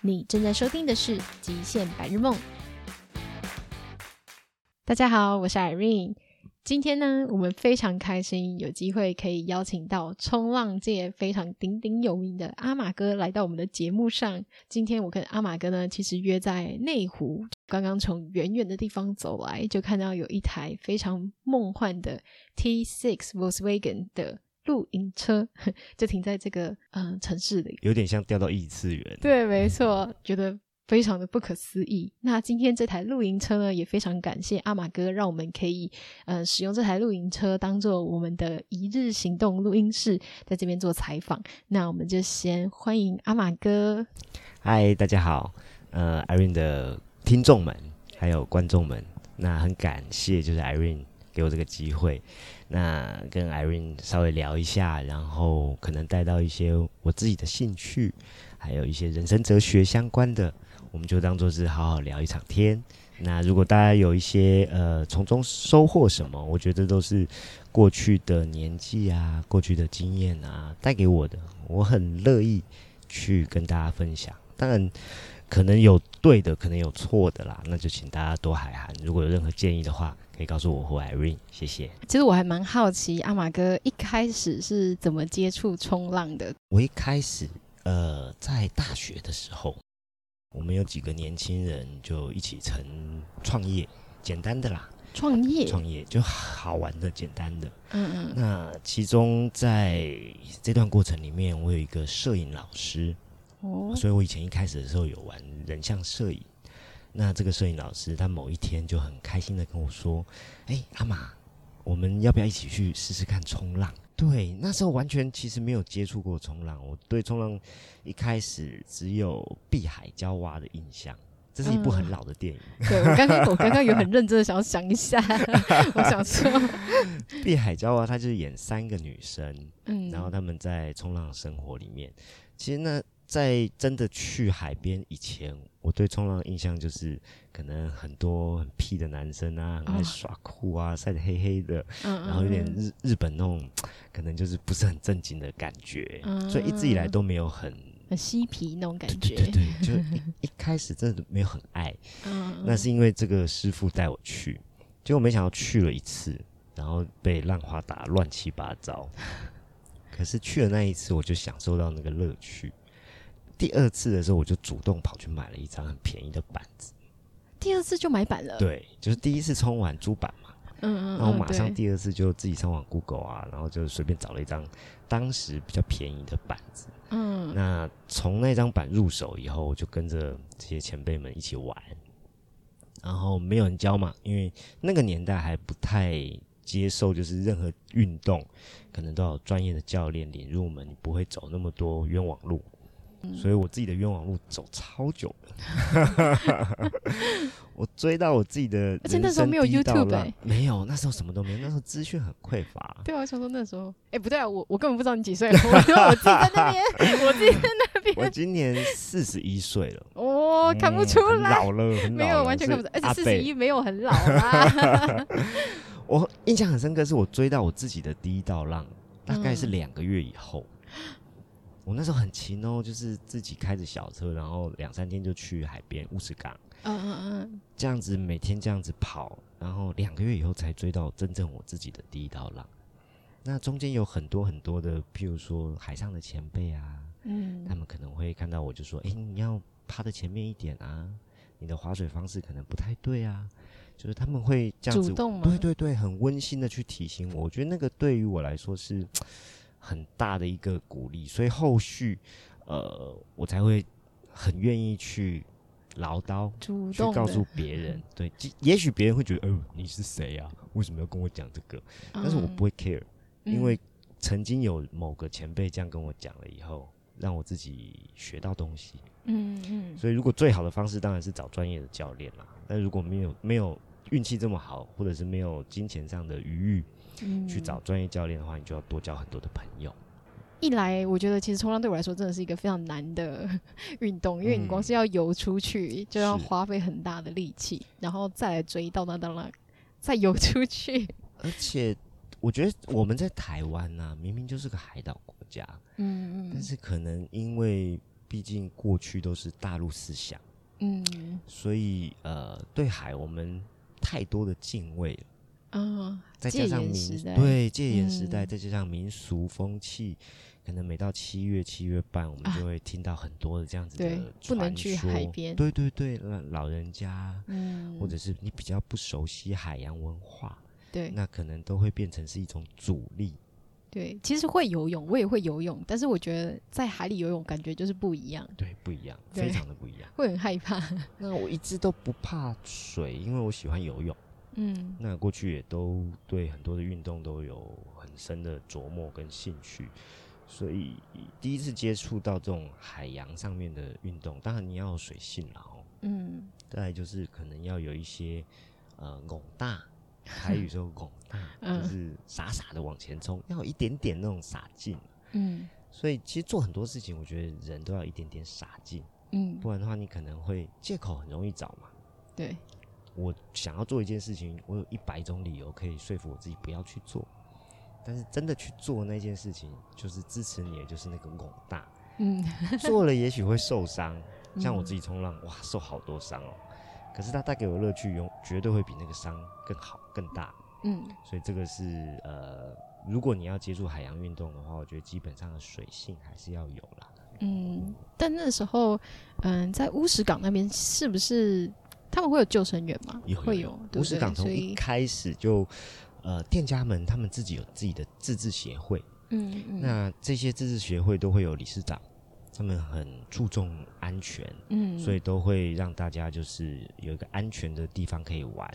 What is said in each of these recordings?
你正在收聽的是《極限白日夢》。大家好，我是 Irene。今天呢，我們非常開心有機會可以邀請到衝浪界非常鼎鼎有名的阿馬哥來到我們的節目上。今天我跟阿馬哥呢，其實約在內湖，剛剛從遠遠的地方走來，就看到有一台非常夢幻的 T6 Volkswagen 的。露營車就停在這個嗯城市裡，有點像掉到異次元。對，沒錯， 覺得非常的不可思議。那今天這台露營車呢，也非常感謝阿瑪哥，讓我們可以、呃、使用這台露營車當做我們的一日行動錄音室，在這邊做採訪。那我們就先歡迎阿瑪哥。嗨，大家好，呃 Irene 的聽眾們還有觀眾們，那很感謝就是 Irene 給我這個機會，那跟 Irene 稍微聊一下，然後可能帶到一些我自己的興趣，還有一些人生哲學相關的，我們就當做是好好聊一場天。那如果大家有一些呃從中收穫什麼，我覺得都是過去的年紀啊，過去的經驗啊帶給我的，我很樂意去跟大家分享。當然。可能有對的，可能有錯的啦，那就請大家多海涵。如果有任何建議的話，可以告訴我或 Irene，謝謝。其實我還蠻好奇阿馬哥一開始是怎麼接觸衝浪的？我一開始，呃，在大學的時候，我們有幾個年輕人就一起成創業，簡單的啦，創業，創業就好玩的，簡單的，嗯嗯。那其中在這段過程裡面，我有一個攝影老師。Oh. 所以，我以前一開始的時候有玩人像攝影。那這個攝影老師，他某一天就很開心的跟我說：“哎、欸，阿瑪，我們要不要一起去試試看衝浪？”對，那時候完全其實沒有接觸過衝浪。我對衝浪一開始只有《碧海嬌娃》的印象。這是一部很老的電影。嗯、對我剛剛我剛剛有很認真的想要想，想一下， 我想說，《碧海嬌娃》他就是演三個女生，嗯，然後他們在衝浪生活裡面，其實那。在真的去海邊以前，我對衝浪的印象就是可能很多很屁的男生啊，很愛耍酷啊，哦、曬得黑黑的嗯嗯，然後有點日日本那種，可能就是不是很正經的感覺，嗯、所以一直以來都沒有很很嬉皮那種感覺。嗯、對,對對對，就一,一開始真的沒有很愛。嗯嗯那是因為這個師傅帶我去，結果沒想到去了一次，然後被浪花打亂七八糟。可是去了那一次，我就享受到那個樂趣。第二次的時候，我就主動跑去買了一張很便宜的板子。第二次就買板了？對，就是第一次衝完租板嘛。嗯嗯，嗯。然後馬上第二次就自己上網 Google 啊，然後就隨便找了一張當時比較便宜的板子。嗯，嗯。那從那張板入手以後，我就跟着這些前輩們一起玩。然後沒有人教嘛，因為那個年代還不太接受，就是任何運動可能都要有專業的教練領入門，你不會走那麼多冤枉路。嗯、所以我自己的冤枉路走超久的 我追到我自己的，而且那時候沒有 YouTube，、欸、沒有，那時候什麼都沒有，那時候資訊很匱乏。 對啊，我想說那時候，哎、欸，不對啊，我我根本不知道你幾歲，我我自己在那邊， 我自己在那邊，我今年四十一歲了。哦，看不出來，嗯、很老了，沒有，完全看不出來，而且四十一沒有很老啊。嗯。我印象很深刻，是我追到我自己的第一道浪，嗯、大概是兩個月以後。我那時候很勤哦，就是自己開着小車，然後兩三天就去海邊烏石港，嗯嗯嗯，這樣子每天這樣子跑，然後兩個月以後才追到真正我自己的第一道浪。那中間有很多很多的，譬如說海上的前輩啊，嗯，他們可能會看到我就說，哎、欸，你要趴在前面一點啊，你的划水方式可能不太對啊，就是他們會這樣子，主動，對對對，很溫馨的去提醒我。我覺得那個對於我來說是。很大的一個鼓勵，所以後續，呃，我才會很願意去嘮叨，主動去告訴別人、嗯。對，也許別人會覺得，哎、欸，你是誰呀、啊？為什麼要跟我講這個？但是我不會 care，、嗯、因為曾經有某個前輩這樣跟我講了以後、嗯，讓我自己學到東西。嗯嗯。所以，如果最好的方式當然是找專業的教練啦。但如果沒有沒有運氣這麼好，或者是沒有金錢上的餘裕。去找專業教練的話，你就要多交很多的朋友。一來，我覺得其實衝浪對我來說真的是一個非常難的運動，因為你光是要游出去、嗯，就要花費很大的力氣，然後再來追到那，當那，再游出去。而且，我覺得我們在台灣吶、啊，明明就是個海島國家，嗯嗯，但是可能因為畢竟過去都是大陸思想，嗯，所以呃，對海我們太多的敬畏了。啊、哦，再加上民對、嗯、戒嚴時代，再加上民俗風氣、嗯，可能每到七月、七月半，我們就會聽到很多的這樣子的傳、啊、說對，不能去海邊。對對對，老老人家，嗯，或者是你比較不熟悉海洋文化，對，那可能都會變成是一種阻力。對，其實會游泳，我也會游泳，但是我覺得在海裡游泳感覺就是不一樣。對，不一樣，非常的不一樣，會很害怕。 那我一直都不怕水，因為我喜歡游泳。嗯，那過去也都對很多的運動都有很深的琢磨跟興趣，所以第一次接觸到這種海洋上面的運動，當然你要有水性啦，哦，嗯，再就是可能要有一些呃，拱大，台語說拱大， 就是傻傻的往前衝，要有一點點那種傻勁，嗯，所以其實做很多事情，我覺得人都要一點點傻勁，嗯，不然的話你可能會借口很容易找嘛，對。我想要做一件事情，我有一百種理由可以說服我自己不要去做，但是真的去做的那件事情，就是支持你的，就是那個廣大，嗯， 做了也許會受傷，像我自己衝浪、嗯，哇，受好多傷哦、喔，可是它帶給我樂趣，永絕對會比那個傷更好更大，嗯，所以這個是呃，如果你要接觸海洋運動的話，我覺得基本上的水性還是要有啦，嗯，但那時候，嗯、呃，在烏石港那邊是不是？他們會有救生員嗎？有有有，會有。烏石港從一開始就，呃，店家他們他們自己有自己的自治協會，嗯，嗯。那這些自治協會都會有理事長，他們很注重安全，嗯，所以都會讓大家就是有一個安全的地方可以玩。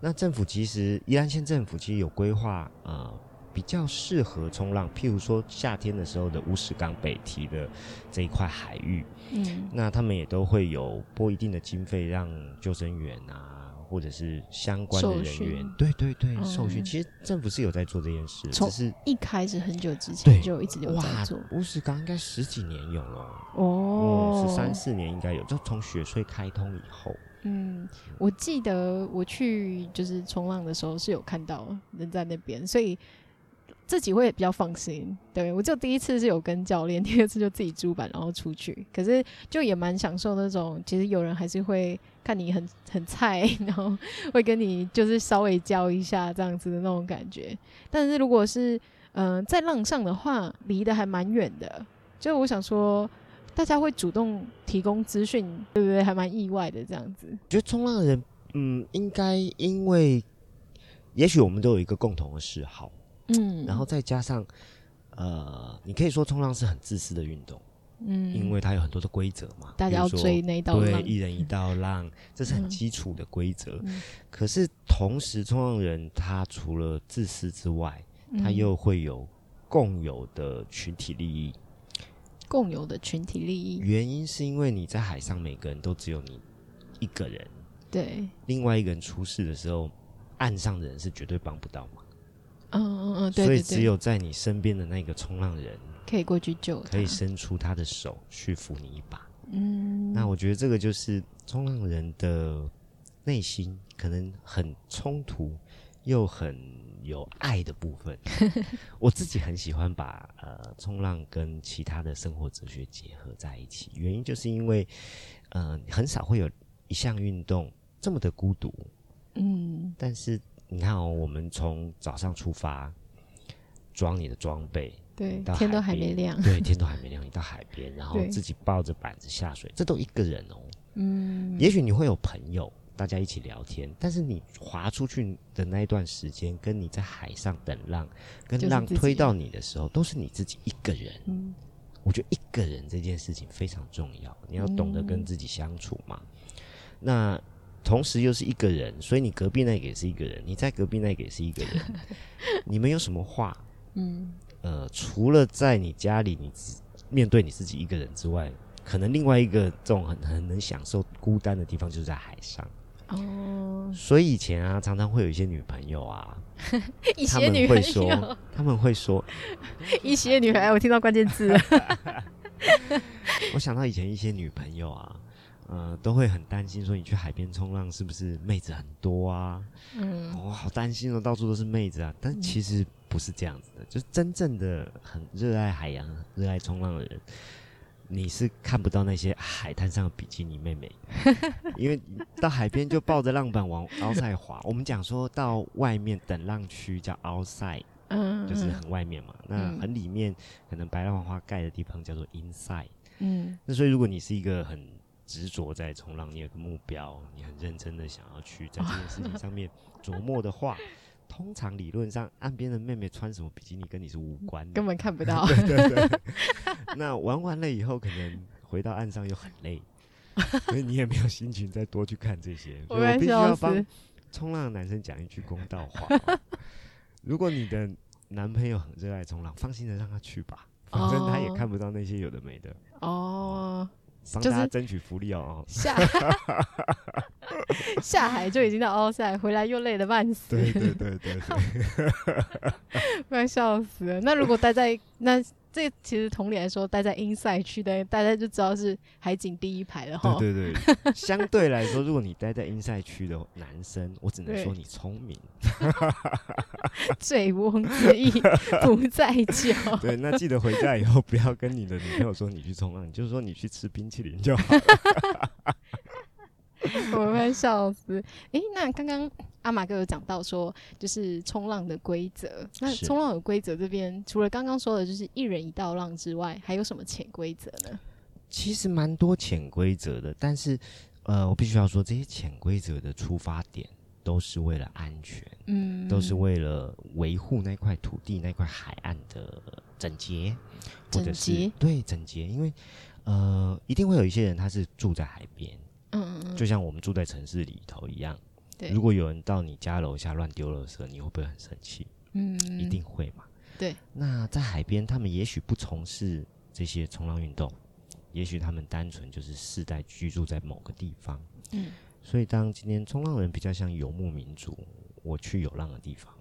那政府其實宜蘭縣政府其實有規劃，啊、呃。比較適合衝浪，譬如說夏天的時候的烏石港北堤的這一塊海域，嗯，那他們也都會有撥一定的經費讓救生員啊，或者是相關的人員，對對對，嗯、受訓。其實政府是有在做這件事，只是一開始很久之前就一直有在做。烏石港應該十幾年有了，哦，十三四年應該有，就從雪隧開通以後。嗯，我記得我去就是衝浪的時候是有看到人在那邊，所以。自己會比較放心。對，我就第一次是有跟教練，第二次就自己租板然後出去，可是就也蠻享受那種。其實有人還是會看你很很菜，然後會跟你就是稍微教一下這樣子的那種感覺。但是如果是嗯，呃，在浪上的話，離得還蠻遠的，就我想說大家會主動提供資訊，對不對？還蠻意外的這樣子。我覺得衝浪人，嗯，應該因為也許我們都有一個共同的嗜好。嗯，然後再加上，呃，你可以說衝浪是很自私的運動，嗯，因為它有很多的規則嘛，大家要追那一道浪，對，一人一道浪，嗯、這是很基礎的規則。嗯、可是同時，衝浪人他除了自私之外、嗯，他又會有共有的群體利益，共有的群體利益。原因是因為你在海上，每個人都只有你一個人，對，另外一個人出事的時候，岸上的人是絕對幫不到嘛。嗯嗯嗯，對，所以只有在你身邊的那個衝浪人可以過去救，可以伸出他的手去扶你一把。嗯，那我覺得這個就是衝浪人的內心可能很衝突又很有愛的部分。 我自己很喜歡把呃衝浪跟其他的生活哲學結合在一起，原因就是因為嗯、呃、很少會有一項運動這麼的孤獨。嗯，但是。你看哦，我們從早上出發，裝你的裝備，對，到天都還沒亮，對，天都還沒亮，你到海邊，然後自己抱着板子下水，這都一個人哦。嗯，也許你會有朋友，大家一起聊天，但是你划出去的那一段時間，跟你在海上等浪，跟浪推到你的時候，就是，都是你自己一個人。嗯，我覺得一個人這件事情非常重要，你要懂得跟自己相處嘛。嗯、那。同時又是一個人，所以你隔壁那個也是一個人，你在隔壁那個也是一個人。 你們有什麼話？嗯，呃，除了在你家裡，你面對你自己一個人之外，可能另外一個這種很很能享受孤單的地方，就是在海上。哦，所以以前啊，常常會有一些女朋友啊， 一些女朋友，他們會說，他們會說，一些女孩，啊，我聽到關鍵字了 我想到以前一些女朋友啊。嗯、呃，都會很擔心，說你去海邊衝浪是不是妹子很多啊？嗯，我、哦、好擔心哦，到處都是妹子啊。但其實不是這樣子的，嗯、就是真正的很熱愛海洋、熱愛衝浪的人，你是看不到那些海灘上的比基尼妹妹， 因為到海邊就抱着浪板往 outside 滑。 我們講說到外面等浪區叫 outside，嗯，就是很外面嘛。那很裡面、嗯、可能白浪花蓋的地方叫做 inside，嗯。那所以如果你是一個很執着在衝浪，你有個目標，你很認真的想要去在這件事情上面琢磨、哦、的話，通常理論上岸邊的妹妹穿什麼比基尼跟你是無關的，根本看不到。 對對對。 那玩完了以後，可能回到岸上又很累，啊、所以你也沒有心情再多去看這些。啊、所以我必須要幫衝浪的男生講一句公道話：嗯嗯嗯、如果你的男朋友很熱愛衝浪，放心的讓他去吧，哦、反正他也看不到那些有的沒的。哦，哦。就是爭取福利哦、就是，下， 下海就已經到奧賽，回來又累得半死，對對對對 ，快對對, 笑死了！那如果待在。那這其實同理來說，待在 inside 區的大家就知道是海景第一排了哈。對對對，相對來說，如果你待在 inside 區的男生， 我只能說你聰明。醉 翁之意 不在酒。對，那記得回家以後不要跟你的女朋友說你去衝浪，你就是說你去吃冰淇淋就好。 我會笑死。哎、欸，那剛剛。阿瑪哥有講到說，就是衝浪的規則。那衝浪的規則這邊，除了剛剛說的，就是一人一道浪之外，還有什麼潛規則呢？其實蠻多潛規則的，但是，呃，我必須要說，這些潛規則的出發點都是為了安全，嗯，都是為了維護那塊土地、那塊海岸的整潔，或者是，整潔，對，整潔。因為，呃，一定會有一些人他是住在海邊，嗯嗯嗯，就像我們住在城市裡頭一樣。如果有人到你家樓下亂丟了的時候，你會不會很生氣？嗯，一定會嘛。對。那在海邊，他們也許不從事這些衝浪運動，也許他們單純就是世代居住在某個地方。嗯。所以，當今天衝浪人比較像游牧民族，我去有浪的地方。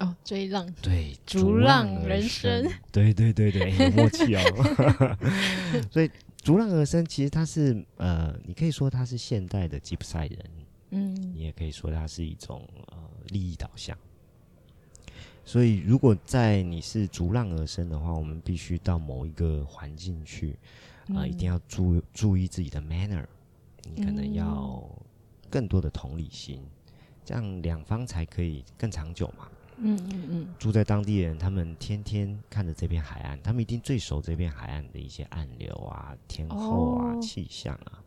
哦，追浪。對，逐浪而生。逐浪人生。對對對對，欸，默契哦，喔。 所以，逐浪而生，其實他是呃，你可以說他是現代的吉普賽人。嗯，你也可以說它是一種呃利益導向。所以，如果在你是逐浪而生的話，我們必須到某一個環境去啊、嗯呃，一定要注意注意自己的 manner。你可能要更多的同理心，嗯、這樣兩方才可以更長久嘛。嗯嗯嗯。住在當地人，他們天天看着這片海岸，他們一定最熟這片海岸的一些暗流啊、天候啊、哦、氣象啊。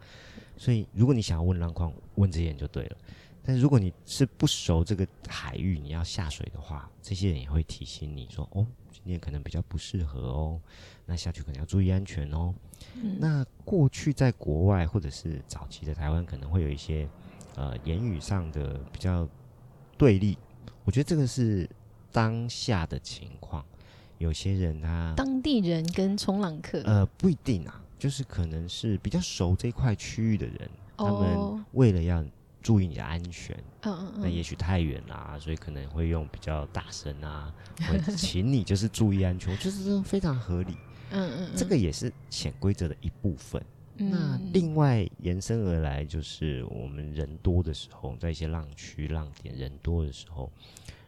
所以，如果你想要問浪況，問這些人就對了。但是，如果你是不熟這個海域，你要下水的話，這些人也會提醒你說：“哦，今天可能比較不適合哦，那下去可能要注意安全哦。”嗯，那過去在國外或者是早期的台灣，可能會有一些呃言語上的比較對立。我覺得這個是當下的情況。有些人他當地人跟衝浪客呃不一定啊。就是可能是比較熟這塊區域的人，Oh. 他們為了要注意你的安全，嗯嗯那也許太遠啦、啊，所以可能會用比較大聲啊，會請你就是注意安全， 就是非常合理，嗯嗯，這個也是潛規則的一部分。Uh -uh. 那另外延伸而來，就是我們人多的時候，在一些浪區、浪點人多的時候，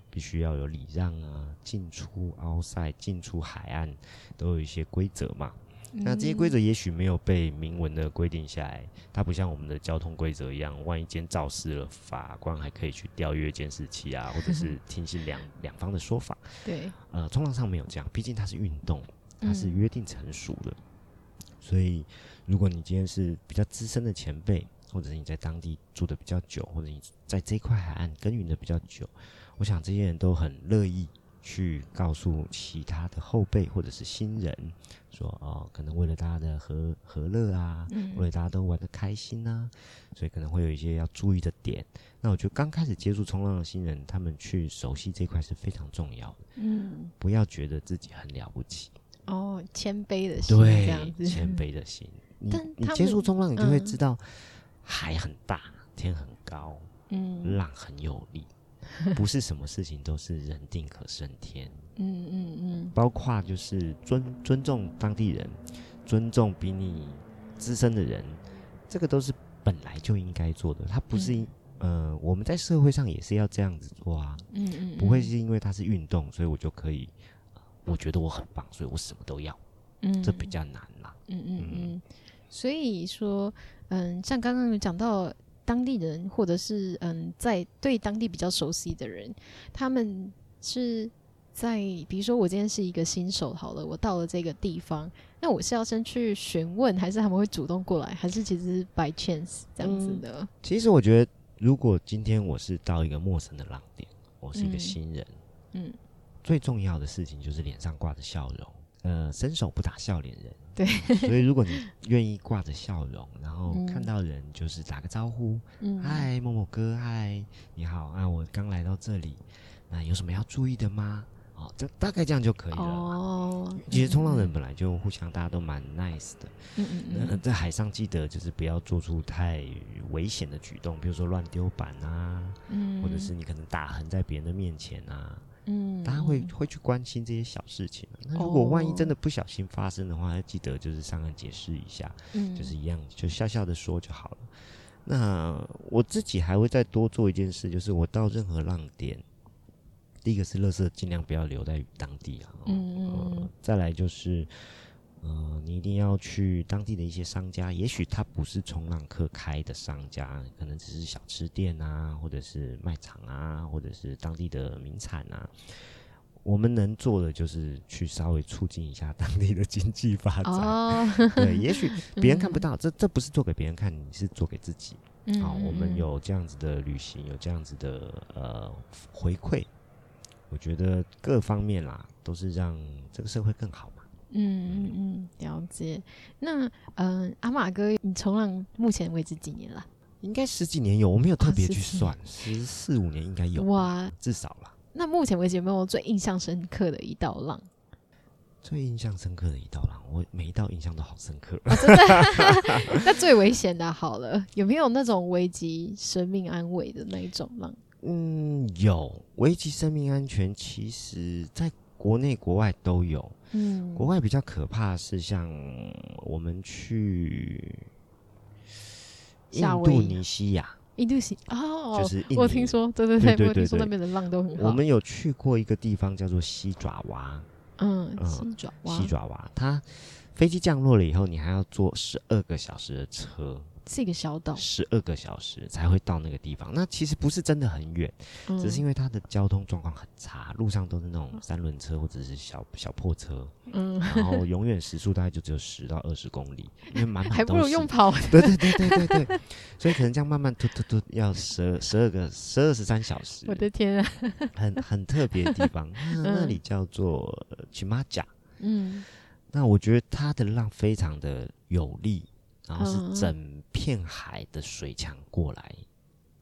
必須要有禮讓啊，進出奧塞、進出海岸都有一些規則嘛。那這些規則也許沒有被明文的規定下來，它不像我們的交通規則一樣，萬一間肇事了，法官還可以去調閱監視器啊，或者是聽信兩兩 方的說法。對，呃，衝浪上沒有這樣，畢竟它是運動，它是約定成熟的。嗯、所以，如果你今天是比較資深的前輩，或者是你在當地住的比較久，或者你在這塊海岸耕耘的比較久，我想這些人都很樂意。去告訴其他的後輩或者是新人，說哦，可能為了大家的和和樂啊，嗯，為了大家都玩的開心啊，所以可能會有一些要注意的點。那我覺得剛開始接觸衝浪的新人，他們去熟悉這塊是非常重要的，嗯，不要覺得自己很了不起哦，謙卑的心，對，這樣子，謙卑的心。你但你接觸衝浪，你就會知道海很大，嗯，天很高，嗯，浪很有力。 不是什麼事情都是人定可勝天。嗯嗯嗯，包括就是尊尊重當地人，尊重比你資深的人，這個都是本來就應該做的。他不是，嗯、呃，我們在社會上也是要這樣子做啊。嗯嗯，嗯，不會是因為他是運動，所以我就可以、呃，我覺得我很棒，所以我什麼都要。嗯，這比較難啦。嗯嗯嗯，嗯，所以說，嗯，像剛剛有講到。當地人或者是嗯，在對當地比較熟悉的人，他們是在，在比如說我今天是一個新手，好了，我到了這個地方，那我是要先去詢問，還是他們會主動過來，還是其實是 by chance 這樣子的。嗯，其實我覺得，如果今天我是到一個陌生的浪點，我是一個新人，嗯，嗯最重要的事情就是臉上掛着笑容，呃，伸手不打笑臉人。對，所以如果你願意掛着笑容，然後看到人就是打個招呼，嗨、嗯，Hi, 某某哥，嗨，你好啊，我剛來到這裡，那有什麼要注意的嗎？哦，就大概這樣就可以了。哦，其實衝浪人本來就互相大家都蠻 nice 的。嗯嗯嗯。那在海上記得就是不要做出太危險的舉動，比如說亂丟板啊、嗯，或者是你可能打橫在別人的面前啊。嗯，大家會會去關心這些小事情、啊。那如果萬一真的不小心發生的話，要、哦、記得就是上岸解釋一下、嗯，就是一樣就笑笑的說就好了。那我自己還會再多做一件事，就是我到任何浪點，第一個是垃圾儘量不要留在當地啊、嗯。嗯，再來就是。呃，你一定要去當地的一些商家，也許他不是衝浪客開的商家，可能只是小吃店啊，或者是賣場啊，或者是當地的名產啊。我們能做的就是去稍微促進一下當地的經濟發展。對、oh. 嗯，也許別人看不到， 嗯、這這不是做給別人看，你是做給自己。好、哦，我們有這樣子的旅行，有這樣子的呃回饋，我覺得各方面啦都是讓這個社會更好。嗯嗯嗯，了解。那嗯、呃，阿瑪哥，你衝浪目前為止幾年了？應該十幾年有，我沒有特別去算十，十四五年應該有。哇，至少了。那目前為止有沒有最印象深刻的一道浪？最印象深刻的一道浪，我每一道印象都好深刻、啊。真的？ 那最危險的，好了，有沒有那種危及生命安危的那一種浪？嗯，有危及生命安全，其實在。國內國外都有，嗯，國外比較可怕是像我們去印度尼西亞，印度西，哦，就是印度，我聽說，對對對，對對對對，我聽說那邊的浪都很好。我們有去過一個地方叫做西爪哇，嗯，嗯，西爪哇，西爪哇，它飛機降落了以後，你還要坐十二個小時的車。四、這個小島，十二個小時才會到那個地方。那其實不是真的很遠、嗯，只是因為它的交通狀況很差，路上都是那種三輪車或者是小小破車。嗯，然後永遠時速大概就只有十到二十公里，因為滿,滿還不如用跑。對對對對對對， 所以可能這樣慢慢突突突，要十二十二個十二十三小時。我的天啊，很很特別的地方。嗯、那,那裡叫做奇馬甲。嗯，那我覺得它的浪非常的有力，然後是整。嗯片海的水牆過來，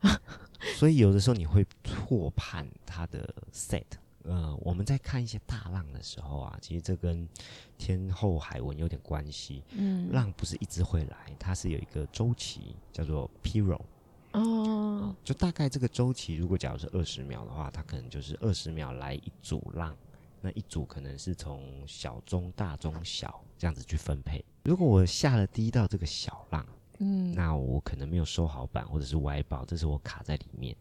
所以有的時候你會錯判它的 set。呃，我們在看一些大浪的時候啊，其實這跟天後海紋有點關係。嗯，浪不是一直會來，它是有一個週期，叫做 period。哦，就大概這個週期，如果假如是二十秒的話，它可能就是二十秒來一組浪，那一組可能是從小中大中小這樣子去分配。如果我下了第一道這個小浪。嗯，那我可能沒有收好板，或者是歪包，這是我卡在裡面。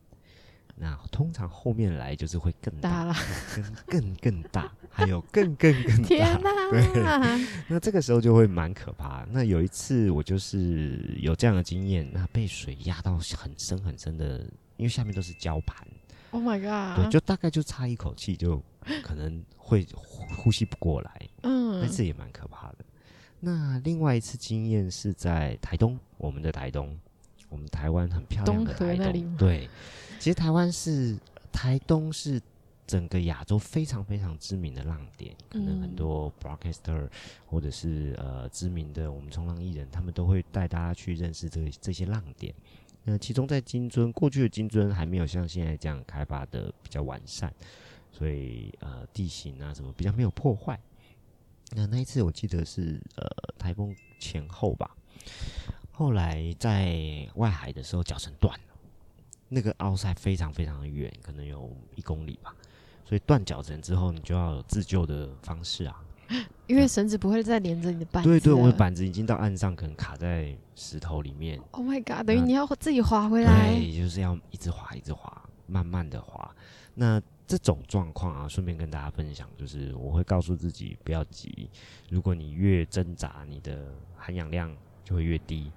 那通常後面來就是會更大，更，更更大， 還有更更更大。天哪啊、對，那這個時候就會蠻可怕。那有一次我就是有這樣的經驗，那被水壓到很深很深的，因為下面都是礁盤。Oh my god！對，就大概就差一口氣，就可能會呼，呼吸不過來。嗯，但是也蠻可怕的。那另外一次經驗是在台東，我們的台東，我們台灣很漂亮河的台東。對，其實台灣是台東是整個亞洲非常非常知名的浪點，嗯、可能很多 broadcaster 或者是呃知名的我們衝浪藝人，他們都會帶大家去認識這這些浪點。那其中在金樽，過去的金樽還沒有像現在這樣開發的比較完善，所以呃地形啊什麼比較沒有破壞。那那一次我記得是呃颱風前後吧，後來在外海的時候腳繩斷了，那個 outside 非常非常的遠，可能有一公里吧，所以斷腳繩之後你就要自救的方式啊，因為繩子不會再連着你的板子。對，對對，我的板子已經到岸上，可能卡在石頭裡面。Oh my god！等於你要自己滑回來，對，就是要一直滑，一直滑，慢慢的滑。那這種狀況啊，順便跟大家分享，就是我會告訴自己不要急。如果你越掙扎，你的含氧量就會越低，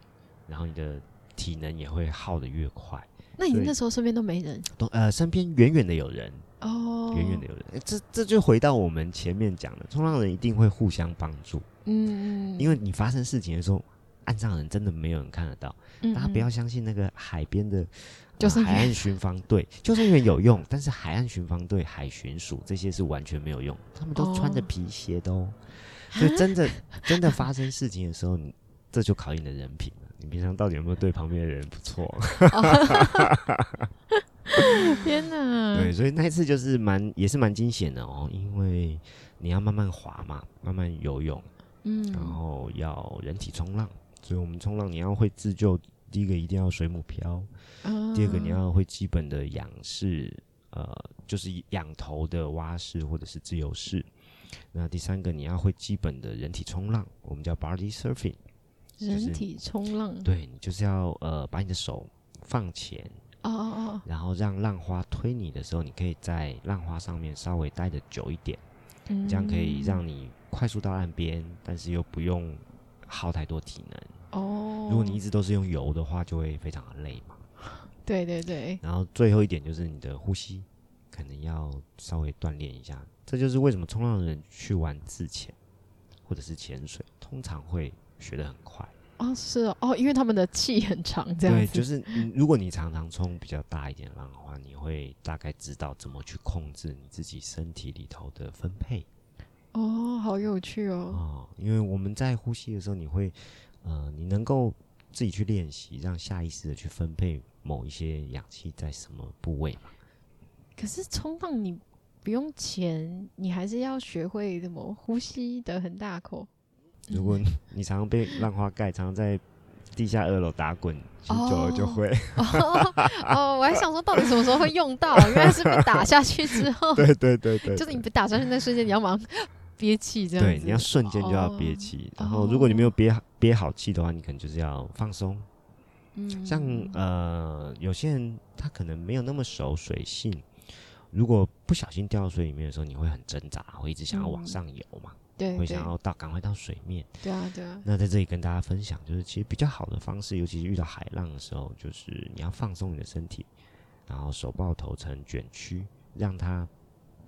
然後你的體能也會耗得越快。那你那時候身邊都沒人？呃，身邊遠遠的有人哦，遠遠的有人。哦遠遠有人欸、這這就回到我們前面講的，衝浪人一定會互相幫助。嗯，因為你發生事情的時候。岸上的人真的沒有人看得到，嗯嗯，大家不要相信那個海邊的、嗯啊、就海岸巡防隊，就算有用， 但是海岸巡防隊、海巡署這些是完全沒有用，他們都穿着皮鞋都、喔哦、所以真的真的發生事情的時候，你這就考驗的人品了，你平常到底有沒有對旁邊的人不錯？哦、 天哪！對，所以那一次就是蠻也是蠻驚險的哦、喔，因為你要慢慢滑嘛，慢慢游泳，嗯，然後要人體衝浪。所以，我們衝浪你要會自救，第一個一定要水母漂、哦，第二個你要會基本的仰式，呃，就是仰頭的蛙式或者是自由式。那第三個你要會基本的人體衝浪，我們叫 body surfing、就是，人體衝浪，對你就是要呃把你的手放前哦哦哦，然後讓浪花推你的時候，你可以在浪花上面稍微待得久一點、嗯，這樣可以讓你快速到岸邊，但是又不用。耗太多體能哦！Oh, 如果你一直都是用油的話，就會非常的累嘛。對對對。然後最後一點就是你的呼吸，可能要稍微鍛鍊一下。這就是為什麼衝浪的人去玩自潛或者是潛水，通常會學得很快。哦，oh, 是哦，oh, 因為他們的氣很長。這樣子，對，就是如果你常常衝比較大一點浪的話，你會大概知道怎麼去控制你自己身體裡頭的分配。哦，好有趣哦！哦，因為我們在呼吸的時候，你會，呃，你能夠自己去練習，讓下意識的去分配某一些氧氣在什麼部位嘛？可是衝浪你不用潛，你還是要學會怎麼呼吸得很大口。嗯、如果你你常常被浪花蓋，常常在地下二樓打滾，久了就會。哦， 哦，我還想說，到底什麼時候會用到？原來是被打下去之後。 對對對對、對。就是你被打下去那瞬間，你要忙。憋氣，這樣。對，你要瞬間就要憋氣。哦，然後，如果你沒有憋憋好氣的話，你可能就是要放鬆。嗯，像呃，有些人他可能沒有那麼熟水性，如果不小心掉到水裡面的時候，你會很掙扎，會一直想要往上游嘛？嗯、對，會想要到趕快到水面。對啊，對啊。那在這裡跟大家分享，就是其實比較好的方式，尤其是遇到海浪的時候，就是你要放鬆你的身體，然後手抱頭成捲曲，讓它，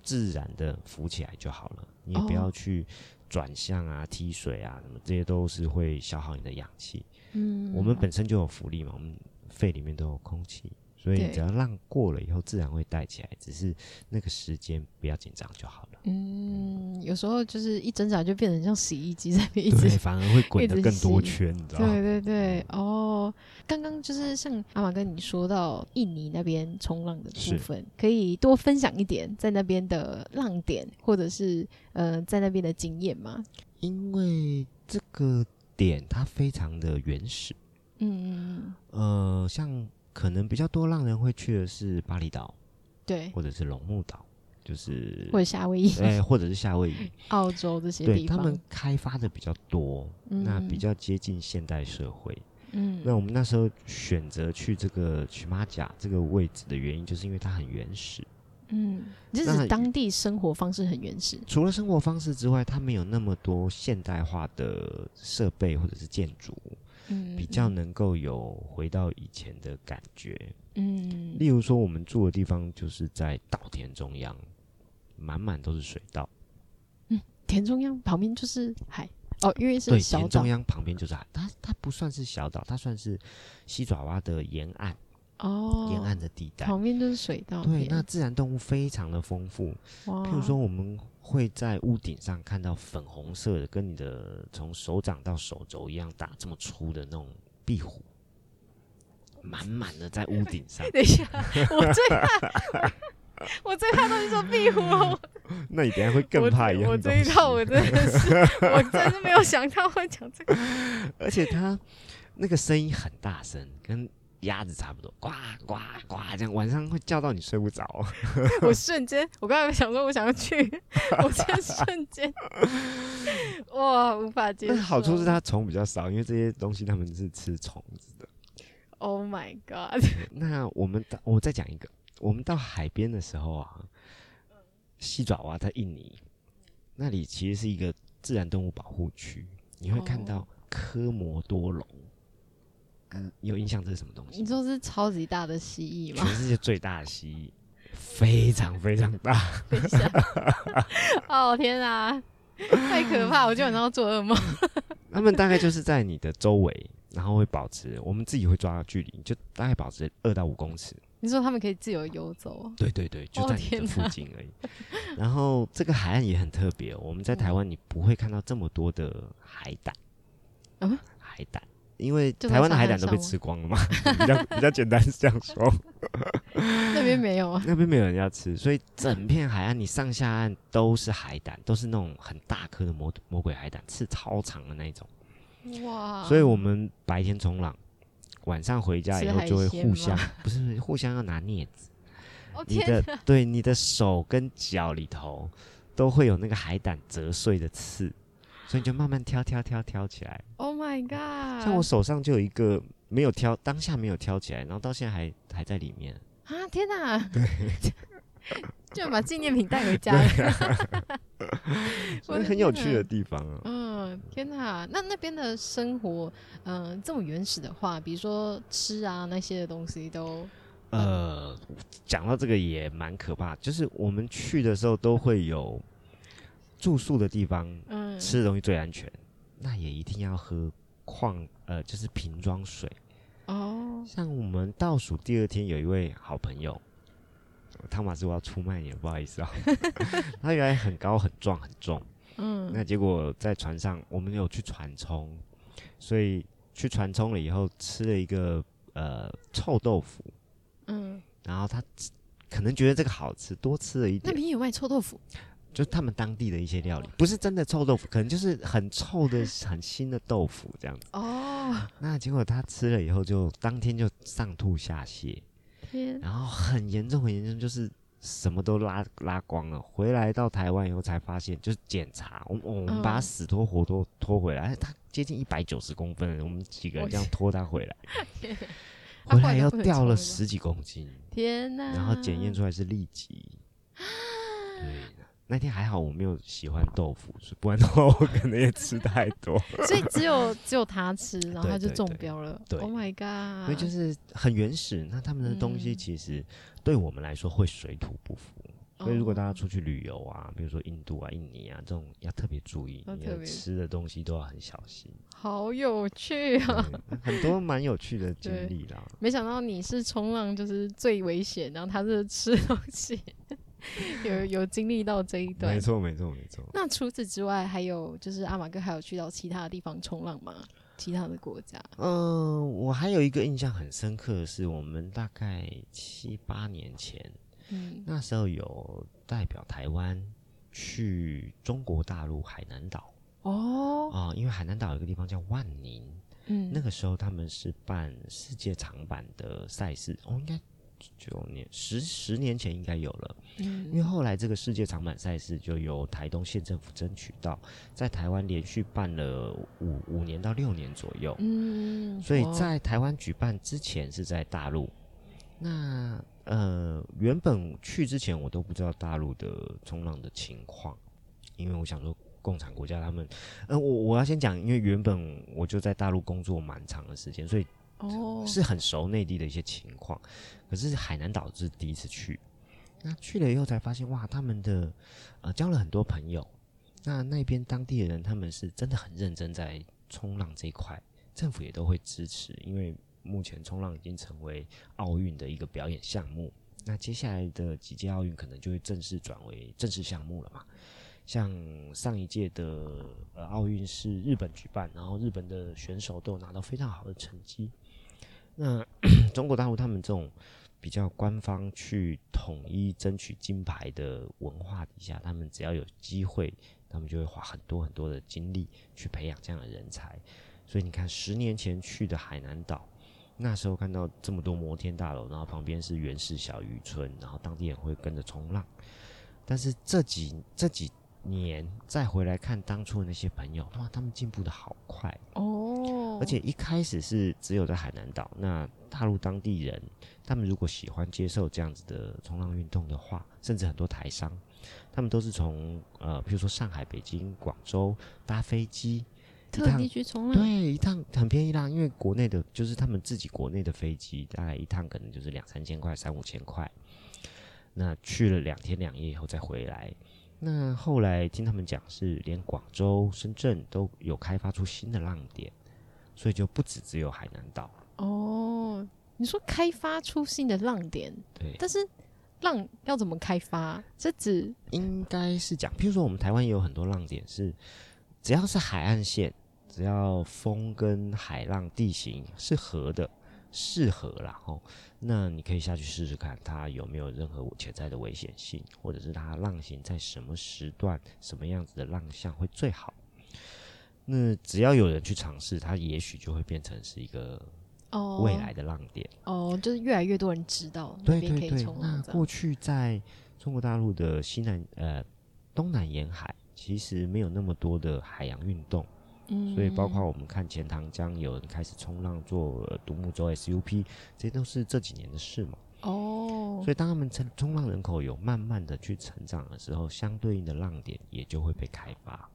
自然的浮起來就好了，你也不要去轉向啊、哦、踢水啊，什麼這些都是會消耗你的氧氣。嗯，我們本身就有浮力嘛，我們肺裡面都有空氣。所以你只要浪過了以後，自然會帶起來，只是那個時間不要緊張就好了。嗯，嗯，有時候就是一掙扎就變成像洗衣機、嗯、在那邊一直對，反而會滾得更多圈，你知道嗎？對對對、嗯，哦，剛剛就是像阿瑪跟你說到印尼那邊衝浪的部分，可以多分享一點在那邊的浪點，或者是呃在那邊的經驗嗎？因為這個點它非常的原始，嗯嗯嗯，呃像。可能比較多，浪人會去的是巴厘島，對，或者是龍目島，就是或者夏威夷，哎、欸，或者是夏威夷、 澳洲這些地方，他們開發的比較多、嗯，那比較接近現代社會。嗯，那我們那時候選擇去這個曲馬甲這個位置的原因，就是因為它很原始。嗯，就是當地生活方式很原始。除了生活方式之外，它沒有那麼多現代化的設備或者是建築。嗯，比較能夠有回到以前的感覺。嗯，嗯例如說，我們住的地方就是在稻田中央，滿滿都是水稻。嗯，田中央旁邊就是海哦，因為是小島。對，田中央旁邊就是海，它它不算是小島，它算是西爪哇的沿岸。哦，沿岸的地帶旁邊就是水稻。對，那自然動物非常的豐富。哇，譬如說我們。會在屋頂上看到粉紅色的，跟你的從手掌到手肘一樣大，這麼粗的那種壁虎，滿滿的在屋頂上。等一下，我最怕， 我最怕就是壁虎。那你等下會更怕一樣。我最怕，我，我真的是，我真是沒有想到會講這個。 而且他那個聲音很大聲，跟。鴨子差不多，呱呱呱呱，這樣晚上會叫到你睡不着。我瞬間， 我剛才想說，我想要去，我這瞬間哇， 我無法接受。好處是它蟲比較少，因為這些東西他們是吃蟲子的。Oh my god！ 那我們到，我再講一個，我們到海邊的時候啊，西爪哇在印尼，那裡其實是一個自然動物保護區，你會看到科摩多龍。Oh. 有印象，這是什麼東西、嗯？你說是超級大的蜥蜴嗎？全世界最大的蜥蜴，非常非常大。嗯、 哦，天啊， 太可怕、嗯！我今晚要做噩夢。 他們大概就是在你的周圍，然後會保持我們自己會抓到距離，就大概保持二到五公尺。你說他們可以自由遊走？對對對，就在你的附近而已。哦、然後這個海岸也很特別、哦，我們在台灣你不會看到這麼多的海膽，嗯，海膽。因為台灣的海膽都被吃光了嘛，了 比較比較簡單是這樣說。 那邊沒有啊？那邊沒有人要吃，所以整片海岸你上下岸都是海膽， 都是那種很大顆的魔魔鬼海膽，刺超長的那種。哇！所以我們白天衝浪，晚上回家以後就會互相 不是互相要拿鑷子， 你的對你的手跟腳裡頭都會有那個海膽折碎的刺。所以你就慢慢挑挑挑挑起來。Oh my god！像我手上就有一個沒有挑，當下沒有挑起來，然後到現在還還在裡面。啊天哪、啊！對， 就把紀念品帶回家。啊、 我覺得很，很有趣的地方啊。嗯，天哪、啊，那那邊的生活，嗯、呃，這麼原始的話，比如說吃啊那些的東西都……呃，講、嗯、到這個也蠻可怕，就是我們去的時候都會有。住宿的地方，嗯，吃的東西最安全，那也一定要喝礦呃，就是瓶裝水哦。像我們倒數第二天有一位好朋友，湯馬斯，我要出賣你，不好意思啊、哦。 他原來很高、很壯、很重，嗯。那結果在船上，我們有去船沖，所以去船沖了以後，吃了一個呃臭豆腐，嗯。然後他可能覺得這個好吃，多吃了一點。那別有外賣臭豆腐。就他們當地的一些料理，不是真的臭豆腐，可能就是很臭的、很新的豆腐這樣子。哦、oh.。那結果他吃了以後就，就當天就上吐下瀉，天哪。然後很嚴重，很嚴重，就是什麼都拉拉光了。回來到台灣以後才發現，就是檢查，我們我們把他死拖活拖拖回來、嗯，他接近一百九十公分，我們幾個人這樣拖他回來， 回來要掉了十幾公斤。天吶，然後檢驗出來是痢疾、啊。對。那天還好我沒有喜歡豆腐，不然的話我可能也吃太多了。 所以只有只有他吃，然後他就中標了。對對對 Oh my god！因為就是很原始，那他們的東西其實對我們來說會水土不服。嗯、所以如果大家出去旅遊啊，比如說印度啊、印尼啊這種，要特別注意，特你要吃的東西都要很小心。好有趣啊！很多蠻有趣的經歷啦。沒想到你是衝浪就是最危險，然後他是吃東西。嗯 有有經歷到這一段，沒錯沒錯沒錯。那除此之外，還有就是阿馬哥還有去到其他的地方衝浪嗎？其他的國家？嗯、呃，我還有一個印象很深刻的是，我們大概七八年前，嗯，那時候有代表台灣去中國大陸海南島哦啊、呃，因為海南島有一個地方叫萬寧，嗯，那個時候他們是辦世界長板的賽事，哦應該。九年、十十年前應該有了，嗯，因為後來這個世界長板賽事就由台東縣政府爭取到，在台灣連續辦了五五年到六年左右。嗯，所以在台灣舉辦之前是在大陸，嗯。那呃，原本去之前我都不知道大陸的衝浪的情況，因為我想說共產國家他們，嗯、呃，我我要先講，因為原本我就在大陸工作蠻長的時間，所以。是很熟內地的一些情況，可是海南島是第一次去，那去了以後才發現哇，他們的呃，交了很多朋友，那那邊當地的人他們是真的很認真在衝浪這一塊，政府也都會支持，因為目前衝浪已經成為奧運的一個表演項目，那接下來的幾屆奧運可能就會正式轉為正式項目了嘛？像上一屆的呃奧運是日本舉辦，然後日本的選手都有拿到非常好的成績。那中國大陸他們這種比較官方去統一爭取金牌的文化底下，他們只要有機會，他們就會花很多很多的精力去培養這樣的人才。所以你看，十年前去的海南島，那時候看到這麼多摩天大樓，然後旁邊是原始小漁村，然後當地人會跟着衝浪。但是這幾這幾年再回來看當初的那些朋友，哇，他們進步得好快哦。Oh. 而且一開始是只有在海南島，那大陸當地人，他們如果喜歡接受這樣子的衝浪運動的話，甚至很多台商，他們都是從呃，比如說上海、北京、廣州搭飛機，特地去衝浪。對，一趟很便宜啦，因為國內的，就是他們自己國內的飛機，大概一趟可能就是兩三千塊，三五千塊。那去了兩天兩夜以後再回來，那後來聽他們講，是連廣州、深圳都有開發出新的浪點。所以就不止只有海南島哦。你說開發出新的浪點，對，但是浪要怎麼開發？這只應該是講，譬如說我們台灣也有很多浪點，是只要是海岸線，只要風跟海浪地形是合的，適合然後、哦，那你可以下去試試看它有沒有任何潛在的危險性，或者是它浪型在什麼時段、什麼樣子的浪向會最好。那只要有人去嘗試，它也許就會變成是一個未來的浪點哦，oh, oh, 就是越來越多人知道那邊可以衝浪，對對對。那過去在中國大陸的西南呃東南沿海，其實沒有那麼多的海洋運動，嗯，所以包括我們看錢塘江有人開始衝浪、做獨木舟 SUP，這些都是這幾年的事嘛。哦、oh，所以當他們衝浪人口有慢慢的去成長的時候，相對應的浪點也就會被開發。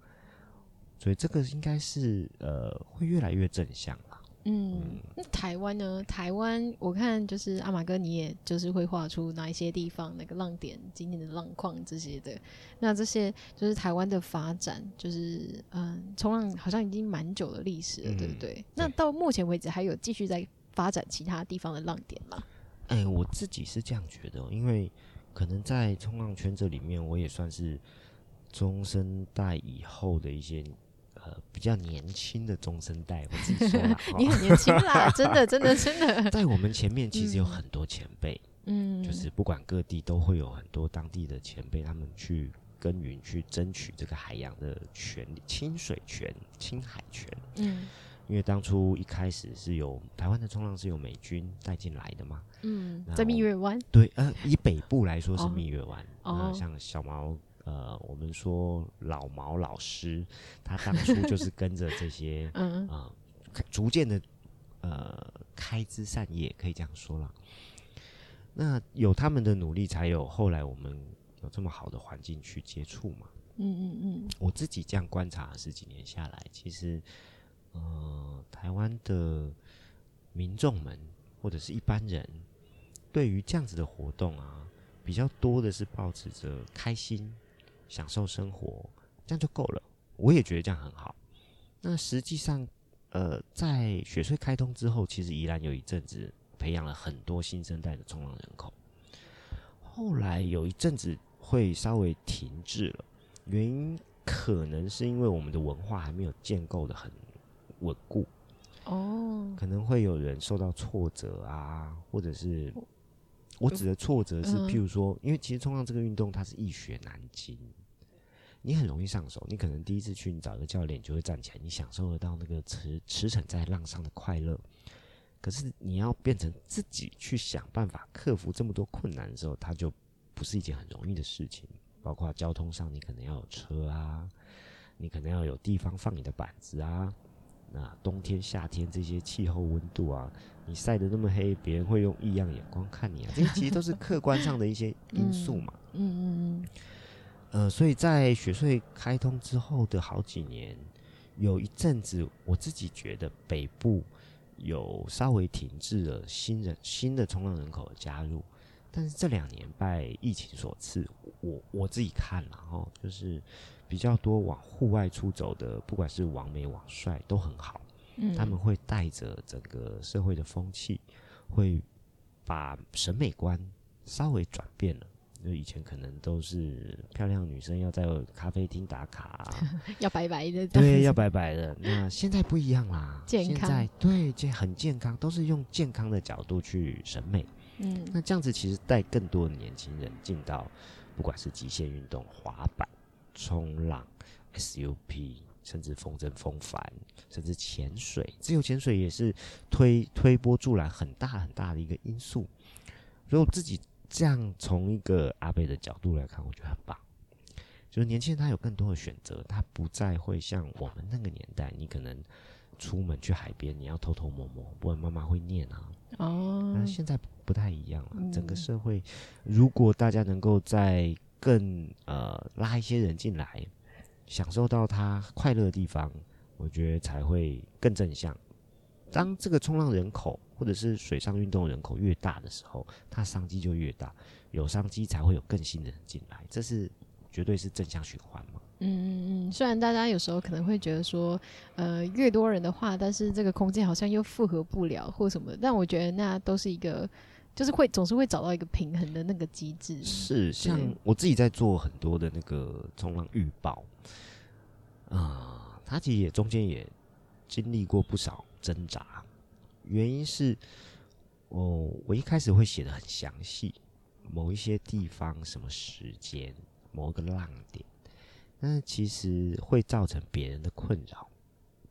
對，這個應該是呃，會越來越正向啦、嗯。嗯，那台灣呢？台灣我看就是阿馬哥，你也就是會畫出哪一些地方那個浪點、今天的浪況這些對，那這些就是台灣的發展，就是嗯、呃，衝浪好像已經蠻久的歷史了，嗯、對不對,對,對？那到目前為止，還有繼續在發展其他地方的浪點嗎？哎、欸，我自己是這樣覺得，因為可能在衝浪圈這裡面，我也算是中生代以後的一些。呃，比較年輕的中生代，我自己說， 你很年輕啦， 真的，真的，真的，在我們前面其實有很多前輩，嗯，就是不管各地都會有很多當地的前輩，他們去耕耘，去爭取這個海洋的權利——清水權，青海權，嗯，因為當初一開始是有台灣的衝浪是由美軍帶進來的嘛，嗯，在蜜月灣，對，呃，以北部來說是蜜月灣，哦、那像小毛。呃，我們說老毛老師，他當初就是跟着這些啊、 呃，逐漸的呃，開枝散葉，可以這樣說啦。那有他們的努力，才有後來我們有這麼好的環境去接觸嘛。嗯嗯嗯，我自己這樣觀察十幾年下來，其實呃，台灣的民眾們或者是一般人，對於這樣子的活動啊，比較多的是抱持着開心。享受生活，這樣就夠了。我也覺得這樣很好。那實際上，呃，在雪隧開通之後，其實宜蘭有一陣子培養了很多新生代的衝浪人口。後來有一陣子會稍微停滯了，原因可能是因為我們的文化還沒有建構得很穩固。哦、oh.，可能會有人受到挫折啊，或者是，我指的挫折是，譬如說、嗯，因為其實衝浪這個運動，它是易學難精。你很容易上手，你可能第一次去，你找一個教練就會站起來，你享受得到那個馳騁在浪上的快樂。可是你要變成自己去想辦法克服這麼多困難的時候，它就不是一件很容易的事情。包括交通上，你可能要有車啊，你可能要有地方放你的板子啊。那冬天、夏天這些氣候溫度啊，你曬得那麼黑，別人會用異樣眼光看你啊。 這些其實都是客觀上的一些因素嘛。嗯嗯，嗯嗯。呃，所以在雪隧開通之後的好幾年，有一陣子，我自己覺得北部有稍微停滯了新人新的衝浪人口的加入。但是這兩年拜疫情所賜，我我自己看了齁，就是比較多往戶外出走的，不管是網美網帥都很好，嗯，他們會帶着整個社會的風氣，會把審美觀稍微轉變了。就以前可能都是漂亮女生要在咖啡廳打卡，啊， 要白白的。對，要白白的。那現在不一樣啦，健康現在對，現在很健康，都是用健康的角度去審美。嗯，那這樣子其實帶更多的年輕人進到，不管是極限運動、滑板、衝浪、SUP，甚至風箏、風帆，甚至潛水，自由潛水也是推推波助瀾很大很大的一個因素。如果自己。這樣從一個阿伯的角度來看，我覺得很棒。就是年輕人他有更多的選擇，他不再會像我們那個年代，你可能出門去海邊，你要偷偷摸摸，不然媽媽會念啊。哦，那現在不，不太一樣了，嗯。整個社會，如果大家能夠再更呃拉一些人進來，享受到他快樂的地方，我覺得才會更正向。當這個衝浪人口。或者是水上運動人口越大的時候，它商機就越大，有商機才會有更新的人進來，這是絕對是正向循環嘛。嗯嗯嗯，雖然大家有時候可能會覺得說，呃，越多人的話，但是這個空間好像又負荷不了或什麼，但我覺得那都是一個，就是會總是會找到一個平衡的那個機制。是像我自己在做很多的那個衝浪預報啊，呃，他其實也中間也經歷過不少掙扎。原因是，我、哦、我一開始會寫得很詳細，某一些地方、什麼時間、某個浪點，那其實會造成別人的困擾。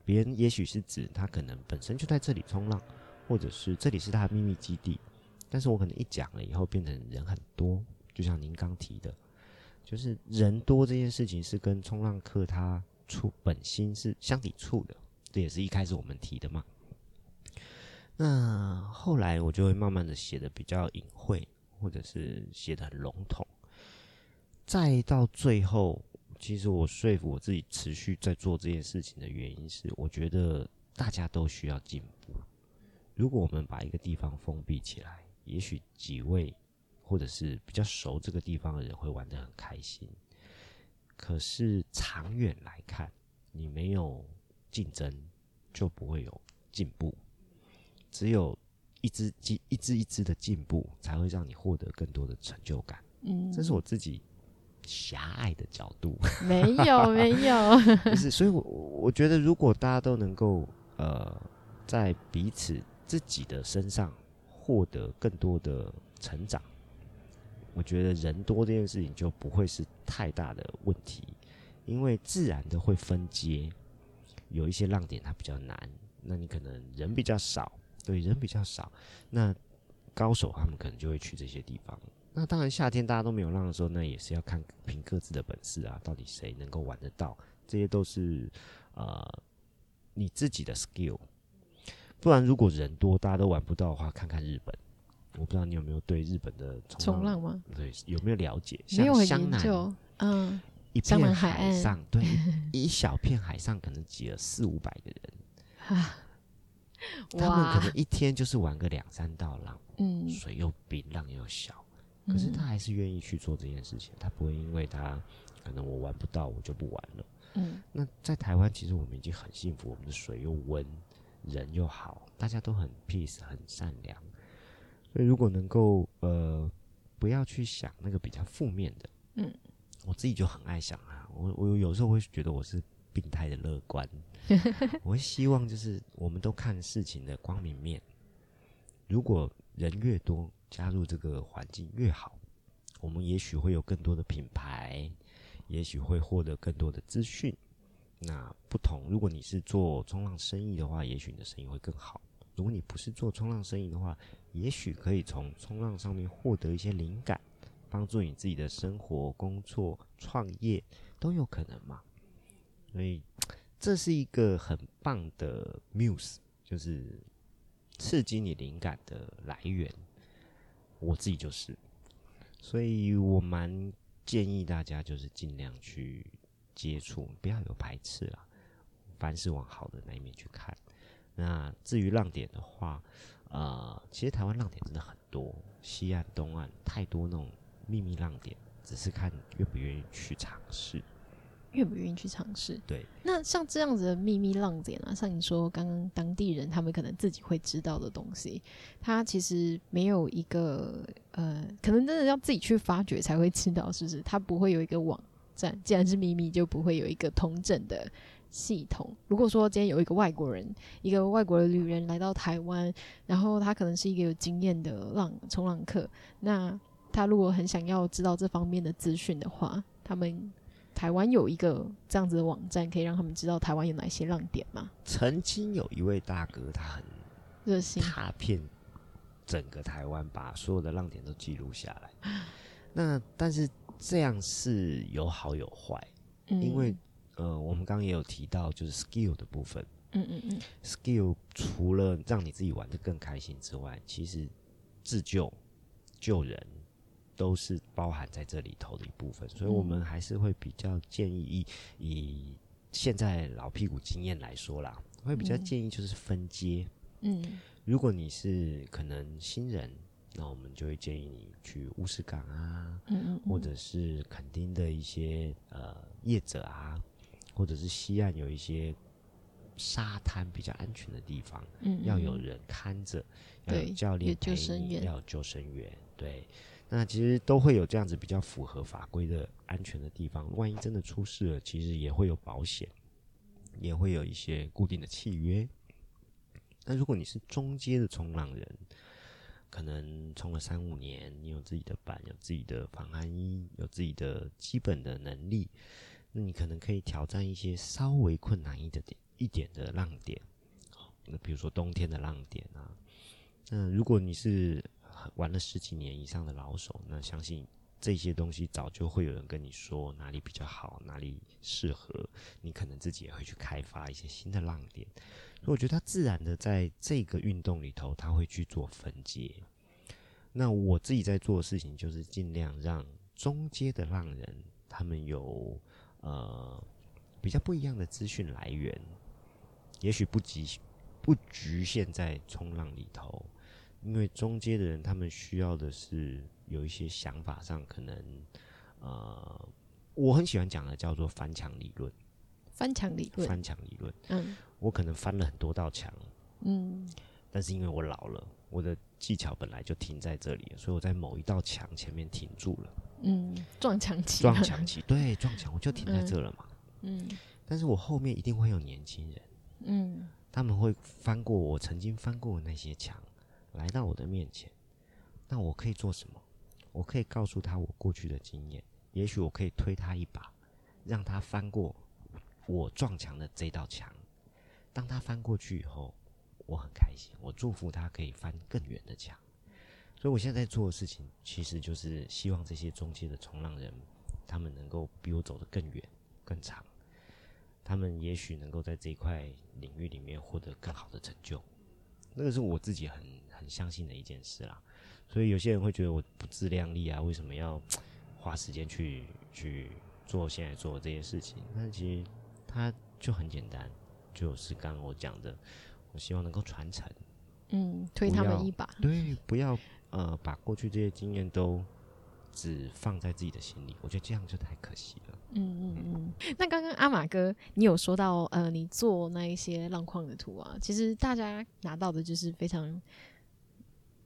別人也許是指他可能本身就在這裡衝浪，或者是這裡是他的秘密基地，但是我可能一講了以後，變成人很多。就像您剛提的，就是人多這件事情是跟衝浪客他處本心是相抵觸的，這也是一開始我們提的嘛。那後來我就會慢慢的寫的比較隱晦，或者是寫的很籠統。再到最後，其實我說服我自己持續在做這件事情的原因是，我覺得大家都需要進步。如果我們把一個地方封閉起來，也許幾位或者是比較熟這個地方的人會玩得很開心。可是長遠來看，你沒有競爭，就不會有進步。只有一直進，一直一直的進步，才會讓你獲得更多的成就感。嗯，這是我自己狹隘的角度。沒有，沒有。 就是，所以我，我我覺得，如果大家都能夠呃，在彼此自己的身上獲得更多的成長，我覺得人多這件事情就不會是太大的問題，因為自然的會分階，有一些浪點它比較難，那你可能人比較少。對，人比較少，那高手他們可能就會去這些地方。那當然，夏天大家都沒有浪的時候，那也是要看憑各自的本事啊，到底誰能夠玩得到。這些都是呃你自己的 skill。不然如果人多，大家都玩不到的話，看看日本，我不知道你有沒有對日本的衝浪，衝浪嗎？對，有沒有了解？湘南，嗯，一片海上，嗯、上海對一，一小片海上可能擠了四五百個人啊。 他們可能一天就是玩個兩三道浪，嗯，水又冰，浪又小，可是他還是願意去做這件事情，嗯。他不會因為他可能我玩不到，我就不玩了，嗯。那在台灣，其實我們已經很幸福，我們的水又溫，人又好，大家都很 peace，很善良。所以如果能夠呃，不要去想那個比較負面的，嗯，我自己就很愛想啊，我我有時候會覺得我是。病態的樂觀，我希望就是我們都看事情的光明面。如果人越多，加入這個環境越好，我們也許會有更多的品牌，也許會獲得更多的資訊。那不同，如果你是做衝浪生意的話，也許你的生意會更好；如果你不是做衝浪生意的話，也許可以從衝浪上面獲得一些靈感，幫助你自己的生活、工作、創業都有可能嘛。所以，這是一個很棒的 muse，就是刺激你靈感的來源，我自己就是，所以我蠻建議大家就是盡量去接觸，不要有排斥了、啊。凡事往好的那一面去看。那至於浪點的話，呃，其實台灣浪點真的很多，西岸、東岸太多那種秘密浪點，只是看願不願意去嘗試。願不願意去嘗試？對，那像這樣子的秘密浪點啊，像你說剛剛當地人他們可能自己會知道的東西，他其實沒有一個呃，可能真的要自己去發掘才會知道，是不是？他不會有一個網站，既然是秘密，就不會有一個統整的系統。如果說今天有一個外國人，一個外國的旅人來到台灣，然後他可能是一個有經驗的浪，衝浪客，那他如果很想要知道這方面的資訊的話，他們。台灣有一個這樣子的網站，可以讓他們知道台灣有哪些浪點嗎？曾經有一位大哥，他很熱心踏遍整個台灣，把所有的浪點都記錄下來。 那但是這樣是有好有壞，嗯，因為呃，我們剛剛也有提到，就是 skill 的部分。嗯嗯嗯，skill 除了讓你自己玩的更開心之外，其實自救救人。都是包含在這裡頭的一部分，所以我們還是會比較建議以、嗯、以現在老屁股經驗來說啦，會比較建議就是分階。嗯，如果你是可能新人，那我們就會建議你去烏石港啊，嗯，或者是墾丁的一些呃業者啊，或者是西岸有一些沙灘比較安全的地方，嗯、要有人看着，對、嗯、要有教練陪，要有救生員，對。那其實都會有這樣子比較符合法規的安全的地方，萬一真的出事了，其實也會有保險，也會有一些固定的契約。那如果你是中階的衝浪人，可能衝了三五年，你有自己的板，有自己的防寒衣，有自己的基本的能力，那你可能可以挑戰一些稍微困難一點一點的浪點。那比如說冬天的浪點啊。那如果你是玩了十幾年以上的老手，那相信這些東西早就會有人跟你說哪裡比較好，哪裡適合。你可能自己也會去開發一些新的浪點。嗯、所以我覺得他自然的在這個運動裡頭，他會去做分階。那我自己在做的事情，就是盡量讓中階的浪人他們有呃比較不一樣的資訊來源，也許不局不局限在衝浪裡頭。因為中間的人，他們需要的是有一些想法上可能，呃，我很喜歡講的叫做翻牆理論“翻牆理論”。翻牆理論，翻牆理論。嗯，我可能翻了很多道牆。嗯，但是因為我老了，我的技巧本來就停在這裡，所以我在某一道牆前面停住了。嗯，撞牆期。撞牆期，對，撞牆，我就停在這了嘛。嗯。嗯，但是我後面一定會有年輕人。嗯，他們會翻過我，我曾經翻過的那些牆。來到我的面前，那我可以做什麼？我可以告訴他我過去的經驗，也許我可以推他一把，讓他翻過我撞牆的這道牆。當他翻過去以後，我很開心，我祝福他可以翻更遠的牆。所以，我現在在做的事情，其實就是希望這些中介的衝浪人，他們能夠比我走得更遠、更長。他們也許能夠在這一塊領域裡面獲得更好的成就。那個是我自己很。很相信的一件事啦，所以有些人會覺得我不自量力啊，為什麼要花時間去去做現在做的這些事情？但其實它就很簡單，就是剛剛我講的，我希望能夠傳承，嗯，推他們一把，對，不要呃把過去這些經驗都只放在自己的心裡，我覺得這樣就太可惜了。嗯嗯嗯，嗯。那剛剛阿瑪哥，你有說到呃，你做那一些浪況的圖啊，其實大家拿到的就是非常。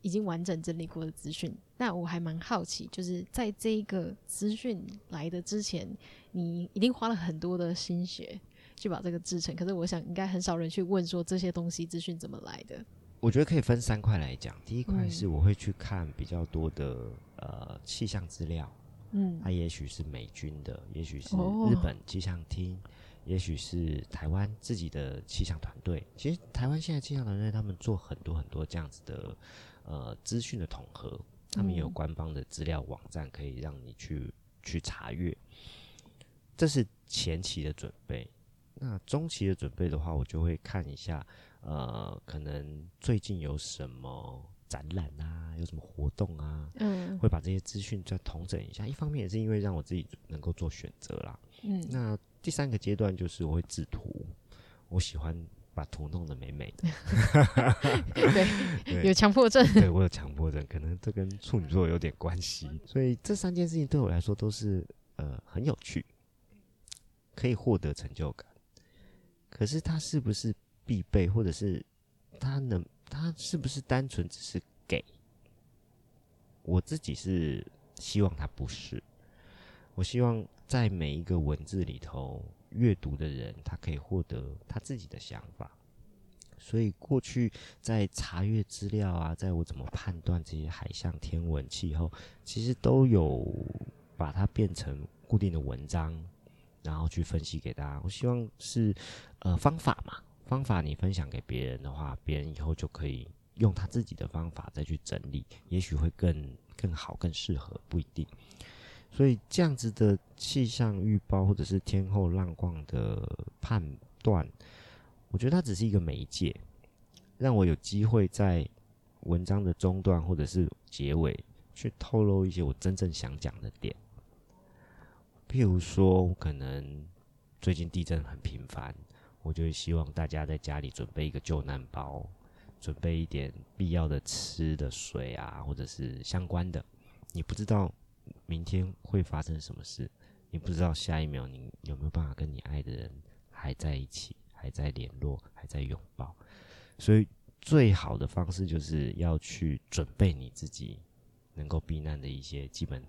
已經完整整理過的資訊，那我還蠻好奇，就是在這一個資訊來的之前，你一定花了很多的心血去把這個制成。可是我想，應該很少人去問說這些東西資訊怎麼來的。我覺得可以分三塊來講。第一塊是我會去看比較多的、嗯、呃氣象資料，嗯，它、啊、也許是美軍的，也許是日本氣象廳、哦，也許是台灣自己的氣象團隊。其實台灣現在氣象團隊他們做很多很多這樣子的。呃，資訊的統合，他們也有官方的資料網站，可以讓你去、嗯、去查閱。這是前期的準備。那中期的準備的話，我就會看一下，呃，可能最近有什麼展覽啊，有什麼活動啊，嗯，會把這些資訊再統整一下。一方面也是因為讓我自己能夠做選擇啦。嗯，那第三個階段就是我會製圖，我喜歡。把圖弄得美美的 對， 對，有強迫症。對，我有強迫症，可能這跟處女座有點關係。所以這三件事情對我來說都是呃很有趣，可以獲得成就感。可是他是不是必備，或者是他能，他是不是單純只是給？我自己是希望他不是。我希望在每一個文字裡頭。閱讀的人，他可以獲得他自己的想法。所以過去在查閱資料啊，在我怎麼判斷這些海象、天文、氣候，其實都有把它變成固定的文章，然後去分析給大家。我希望是呃方法嘛，方法你分享給別人的話，別人以後就可以用他自己的方法再去整理，也許會更更好、更適合，不一定。所以這樣子的氣象預報或者是天候浪況的判斷，我覺得它只是一個媒介，讓我有機會在文章的中段或者是結尾去透露一些我真正想講的點。譬如說，我可能最近地震很頻繁，我就希望大家在家裡準備一個救難包，準備一點必要的吃的、水啊，或者是相關的。你不知道。明天會發生什麼事？你不知道下一秒你有沒有辦法跟你愛的人還在一起，還在聯絡，還在擁抱。所以最好的方式就是要去準備你自己能夠避難的一些基本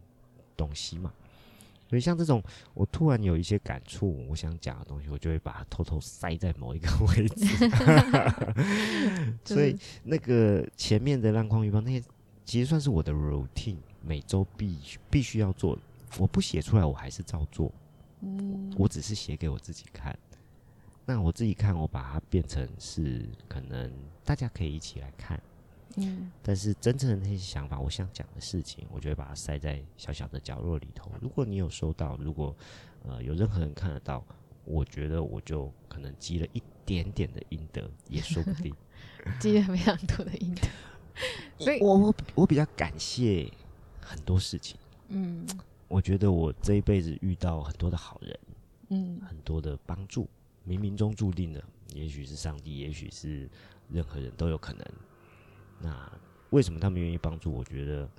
東西嘛。所以像這種，我突然有一些感觸，我想講的東西，我就會把它偷偷塞在某一個位置。 所以那個前面的浪況預報，那些其實算是我的 routine。每週必必須要做，我不寫出來，我還是照做。嗯，我只是寫給我自己看。那我自己看，我把它變成是可能大家可以一起來看。嗯，但是真正的那些想法，我想講的事情，我就會把它塞在小小的角落裡頭。如果你有收到，如果呃有任何人看得到，我覺得我就可能積了一點點的陰德，也說不定。積了非常多的陰德，所以 我我我比較感謝。很多事情，嗯，我覺得我這一輩子遇到很多的好人，嗯，很多的幫助，冥冥中注定的，也許是上帝，也許是任何人都有可能。那為什麼他們願意幫助我？我覺得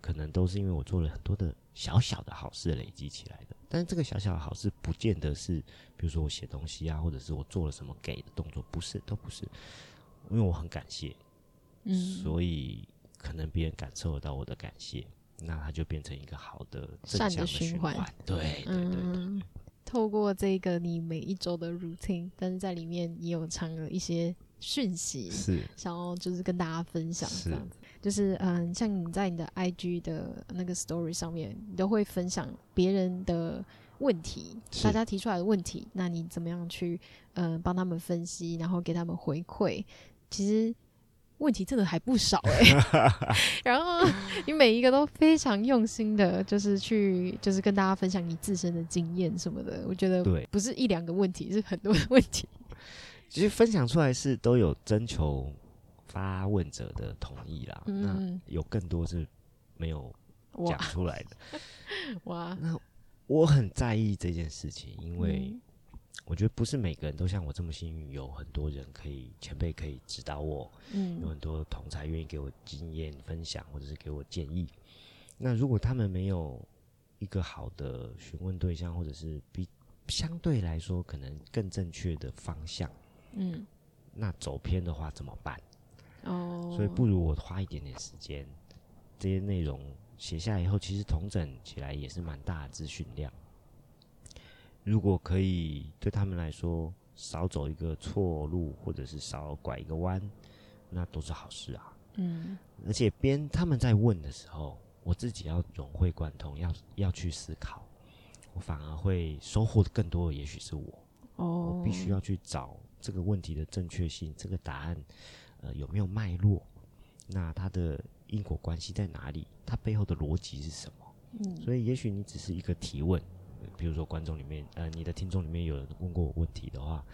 可能都是因為我做了很多的小小的好事累積起來的。但是這個小小的好事，不見得是，比如說我寫東西啊，或者是我做了什麼給的動作，不是，都不是。因為我很感謝，嗯，所以可能別人感受得到我的感謝。那它就變成一個好的正向的循環，善的循環，嗯，對對對。透過這個你每一周的 routine，但是在裡面也有藏了一些訊息，是想要就是跟大家分享這樣子，是就是嗯，像你在你的 IG 的那個 story 上面，你都會分享別人的問題，大家提出來的問題，那你怎麼樣去嗯幫他們分析，然後給他們回饋？其實。問題真的還不少哎、欸 然後你每一個都非常用心的，就是去就是跟大家分享你自身的經驗什麼的，我覺得對，不是一兩個問題，是很多的問題。其實分享出來是都有徵求發問者的同意啦，嗯、那有更多是沒有講出來的。哇， 哇，那我很在意這件事情，因為、嗯。我覺得不是每個人都像我這麼幸運，有很多人可以前輩可以指導我，嗯，有很多同儕願意給我經驗分享，或者是給我建議。那如果他們沒有一個好的詢問對象，或者是比相對來說可能更正確的方向，嗯，那走偏的話怎麼辦？哦，所以不如我花一點點時間，這些內容寫下來以後，其實統整起來也是蠻大的資訊量。如果可以對他們來說少走一個錯路，或者是少拐一個彎，那都是好事啊。嗯，而且邊他們在問的時候，我自己要融會貫通，要要去思考，我反而會收穫的更多。也許是我哦，我必須要去找這個問題的正確性，這個答案呃有沒有脈絡？那它的因果關係在哪裡？它背後的邏輯是什麼？嗯，所以也許你只是一個提問。比如說，觀眾裡面，呃，你的聽眾裡面有人問過我問題的話，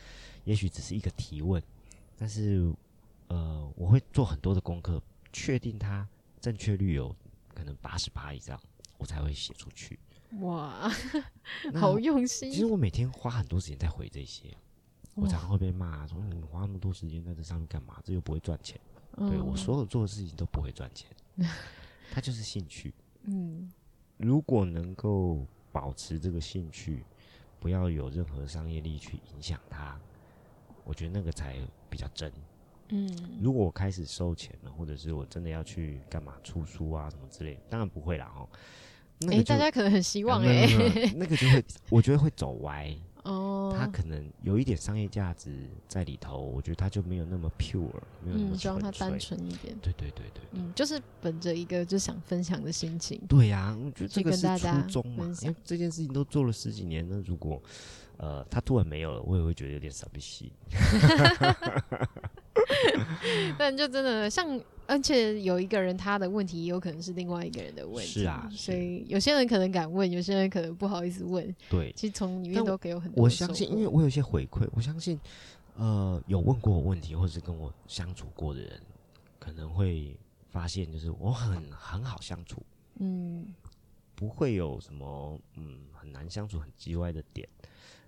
也許只是一個提問，但是，呃，我會做很多的功課，確定它正確率有可能八十八以上，我才會寫出去。哇， 好用心！其實我每天花很多時間在回這些，我常會被罵，說你花那麼多時間在這上面幹嘛？這又不會賺錢。嗯、對我所有做的事情都不會賺錢， 它就是興趣。嗯，如果能夠。保持這個興趣，不要有任何商業力去影響他，我覺得那個才比較真。嗯，如果我開始收錢了，或者是我真的要去幹嘛出書啊什麼之類，當然不會啦，那個欸。大家可能很希望哎，欸嗯，那個就會， 我覺得會，會走歪哦。他可能有一點商業價值在裡頭，嗯、我覺得他就沒有那麼 pure，沒有那麼純粹。嗯、就讓他單純一點。對對，對對對對，嗯，就是本着一個就想分享的心情。對呀、啊，我覺得這個是初衷嘛，去跟大家分享。因為這件事情都做了十幾年了，那如果他、呃、突然沒有了，我也會覺得有點傻逼。 但就真的像，而且有一個人他的問題，也有可能是另外一個人的問題。是啊是，所以有些人可能敢問，有些人可能不好意思問。對，其實從裡面都可以有很多我。我相信，因為我有一些回饋，我相信，呃，有問過我問題或是跟我相處過的人，可能會發現，就是我很很好相處，嗯，不會有什麼嗯很難相處很奇怪的點，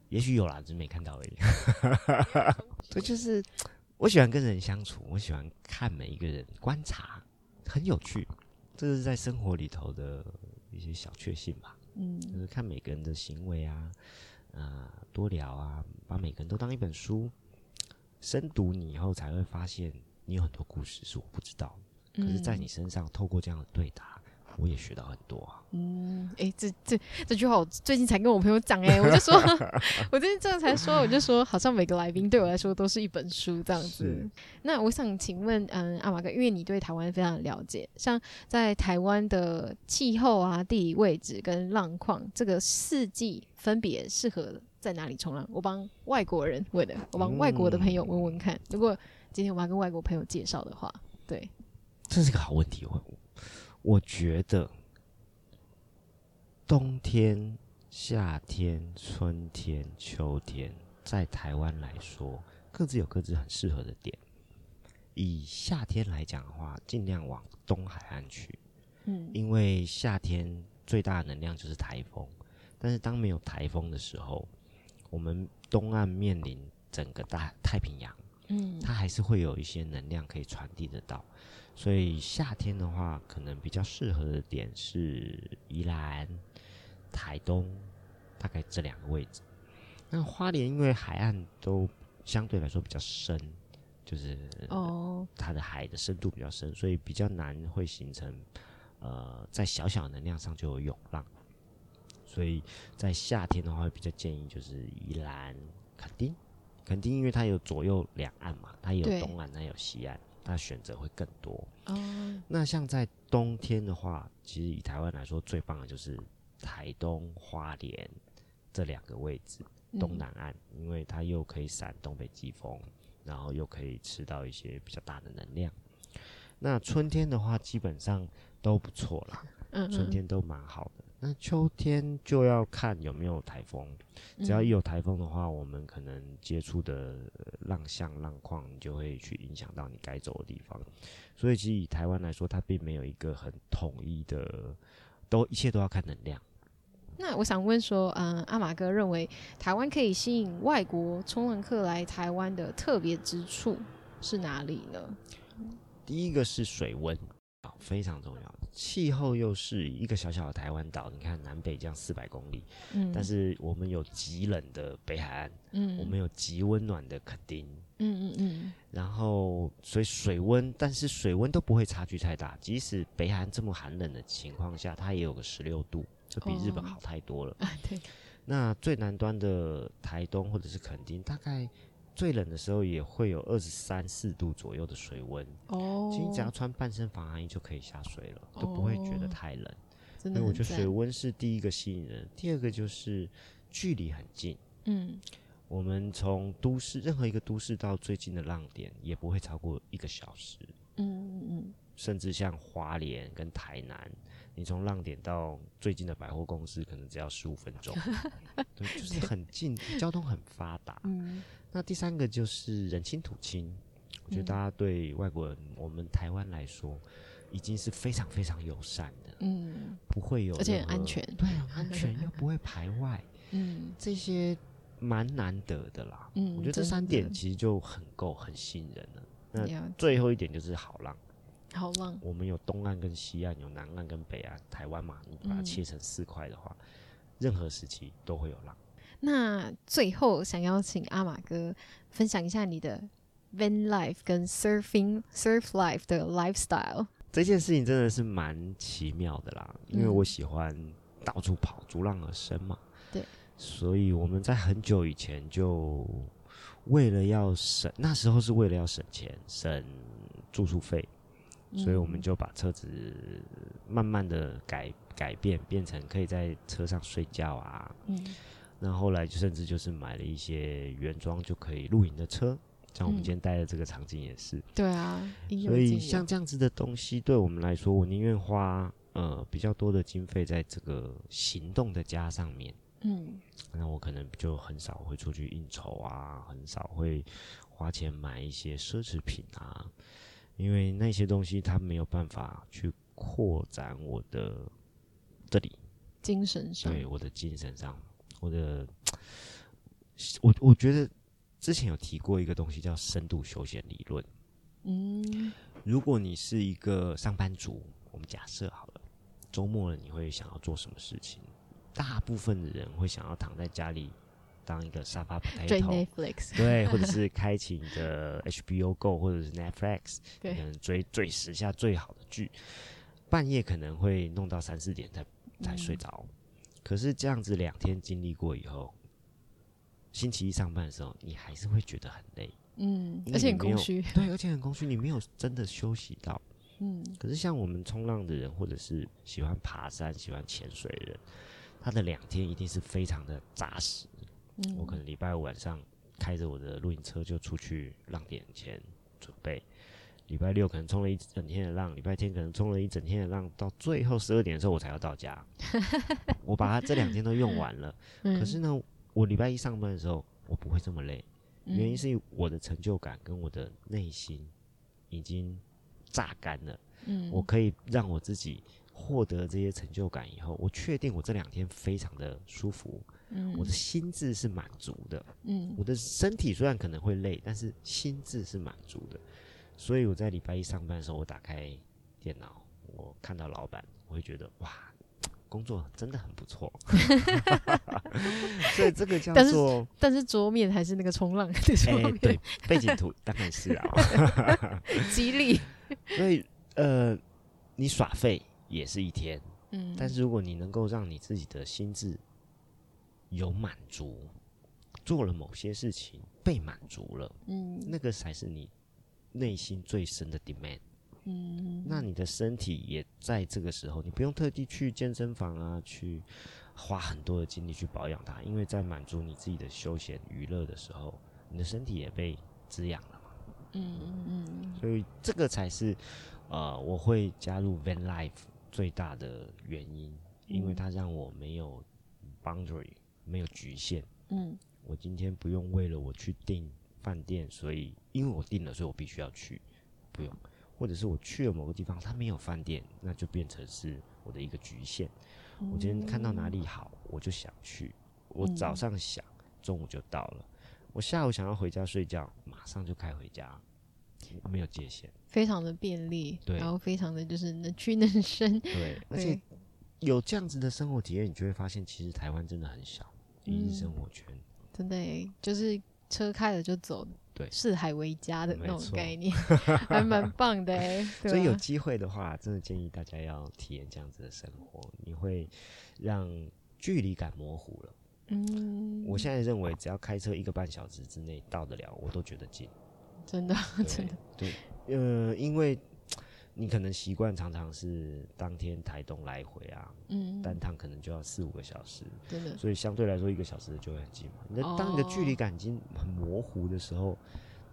也許有啦，只是沒看到而已。對，就是。 我喜歡跟人相處，我喜歡看每一個人，觀察很有趣，這個是在生活裡頭的一些小確幸吧。嗯，就是、看每個人的行為啊，啊、呃，多聊啊，把每個人都當一本書，深讀你以後才會發現你有很多故事是我不知道，嗯、可是在你身上透過這樣的對答。我也學到很多啊。嗯，哎，欸，這這這句話我最近才跟我朋友講，哎，我就說， 我最近這樣才說，我就說，好像每個來賓對我來說都是一本書這樣子。那我想請問，嗯，阿瑪哥，因為你對台灣非常的了解，像在台灣的氣候啊、地理位置跟浪況，這個四季分別適合在哪裡衝浪？我幫外國人問的，我幫外國的朋友問問看。嗯、如果今天我們要跟外國朋友介紹的話，對，這是一個好問題哦。我我覺得，冬天、夏天、春天、秋天，在台灣來說，各自有各自很適合的點。以夏天來講的話，盡量往東海岸去，嗯，因為夏天最大的能量就是台風。但是當沒有台風的時候，我們東岸面臨整個大太平洋，嗯，它還是會有一些能量可以傳遞得到。所以夏天的話，可能比較適合的點是宜蘭、台東，大概這兩個位置。那花蓮因為海岸都相對來說比較深，就是哦，它的海的深度比較深，oh. 所以比較難會形成呃在小小能量上就有湧浪。所以在夏天的話，會比較建議就是宜蘭、墾丁、墾丁，因為它有左右兩岸嘛，它有東岸，它有西岸。那選擇會更多，哦。那像在冬天的話，其實以台灣來說，最棒的就是台東花蓮這兩個位置，嗯，東南岸，因為它又可以閃東北季風，然後又可以吃到一些比較大的能量。那春天的話，嗯，基本上都不錯啦，嗯嗯，春天都蠻好的。那秋天就要看有沒有颱風，只要一有颱風的話，我們可能接觸的、呃、浪向、浪況就會去影響到你該走的地方。所以，其實以台灣來說，它並沒有一個很統一的，都一切都要看能量。那我想問說，嗯，阿馬哥認為台灣可以吸引外國衝浪客來台灣的特別之處是哪裡呢？嗯、第一個是水溫，非常重要的。氣候又是一個小小的台灣島，你看南北這樣四百公里，嗯，但是我們有極冷的北海岸，嗯，我們有極溫暖的墾丁，嗯嗯嗯，然後所以水溫，但是水溫都不會差距太大，即使北海岸這麼寒冷的情況下，它也有個十六度，就比日本好太多了。哦，啊。對，那最南端的台東或者是墾丁，大概。最冷的時候也會有二十三四度左右的水溫，哦、oh,，其實只要穿半身防寒衣就可以下水了，oh, 都不會覺得太冷。真的，所以我覺得水溫是第一個吸引人，第二個就是距離很近。嗯，我們從都市任何一個都市到最近的浪點也不會超過一個小時。嗯嗯，甚至像花蓮跟台南，你從浪點到最近的百貨公司可能只要十五分鐘， 對，就是很近， 交通很發達。嗯那第三個就是人親土親，嗯，我覺得大家對外國人，我們台灣來說，已經是非常非常友善的，嗯，不會有，而且很安全，對，啊對，對，對，安全又不會排外，嗯，這些蠻難得的啦，嗯，我覺得這三點其實就很夠，很吸引人了，嗯，的。那最後一點就是好浪，好浪，我們有東岸跟西岸，有南岸跟北岸，台灣嘛，你把它切成四塊的話，嗯，任何時期都會有浪。那最後想邀請阿馬哥分享一下你的 van life 跟 surfing surf life 的 lifestyle。這件事情真的是蠻奇妙的啦，因為我喜歡到處跑，嗯，逐浪而生嘛。對，所以我們在很久以前就為了要省，那時候是為了要省錢，省住宿費，所以我們就把車子慢慢的改改變，變成可以在車上睡覺啊。嗯。那後來就甚至就是買了一些原裝就可以露營的車，像我們今天帶的這個場景也是。嗯、對啊，所以像這樣子的東西，對我們來說，我寧願花呃比較多的經費在這個行動的家上面。嗯，那我可能就很少會出去應酬啊，很少會花錢買一些奢侈品啊，因為那些東西它沒有辦法去擴展我的這裡，精神上，對，我的精神上。或者，我我覺得之前有提過一個東西叫深度休閒理論。嗯，如果你是一個上班族，我們假設好了，周末了你會想要做什麼事情？大部分的人會想要躺在家裡當一個沙發 potato，追 Netflix， 對，或者是開啟你的 HBO Go，或者是 Netflix，對，可能追最時下最好的劇，半夜可能會弄到三四點才才睡着。嗯可是這樣子兩天經歷過以後，星期一上班的時候，你還是會覺得很累，嗯，而且很空虛，對，而且很空虛，你沒有真的休息到，嗯。可是像我們衝浪的人，或者是喜歡爬山、喜歡潛水的人，他的兩天一定是非常的扎實，嗯。我可能禮拜五晚上開着我的露營車就出去浪點前準備。禮拜六可能衝了一整天的浪，禮拜天可能衝了一整天的浪，到最後十二點的時候我才要到家， 我把它這兩天都用完了。 嗯、可是呢，我禮拜一上班的時候我不會這麼累，嗯，原因是我的成就感跟我的內心已經榨乾了。嗯，我可以讓我自己獲得這些成就感以後，我確定我這兩天非常的舒服，嗯，我的心智是滿足的，嗯，我的身體雖然可能會累，但是心智是滿足的。所以我在禮拜一上班的時候，我打開電腦，我看到老板，我會覺得哇，工作真的很不錯。 所以這個叫做，但是桌面還是那個衝浪的桌面、欸。對，背景圖 當然是啊，激 勵。 所以呃，你耍廢也是一天，嗯，但是如果你能夠讓你自己的心智有滿足，做了某些事情被滿足了，嗯，那個才是你。內心最深的 demand，嗯，那你的身體也在這個時候，你不用特地去健身房啊，去花很多的精力去保養它，因為在滿足你自己的休閒娛樂的時候，你的身體也被滋養了嘛，嗯嗯嗯，所以這個才是呃，我會加入 van life 最大的原因，嗯，因為它讓我沒有 boundary，沒有局限，嗯，我今天不用為了我去定飯店，所以因為我訂了，所以我必須要去，不用。或者是我去了某個地方，它沒有飯店，那就變成是我的一個局限，嗯。我今天看到哪裡好，我就想去。我早上想，嗯，中午就到了。我下午想要回家睡覺，馬上就開回家，沒有界限，非常的便利。對，然後非常的就是能屈能伸。對，而且有這樣子的生活體驗，你就會發現，其實台灣真的很小，嗯，一日生活圈真的就是。車開了就走，對，四海為家的那種概念，還蠻棒的欸。 所以有機會的話，真的建議大家要體驗這樣子的生活，你會讓距離感模糊了。嗯，我現在認為，只要開車一個半小時之內到得了，我都覺得近。真的，真的，對，呃，因為。你可能習慣常常是當天台東來回啊，嗯，單趟可能就要四五個小時，對，所以相對來說一個小時就會很近嘛。那當你的距離感已經很模糊的時候，oh.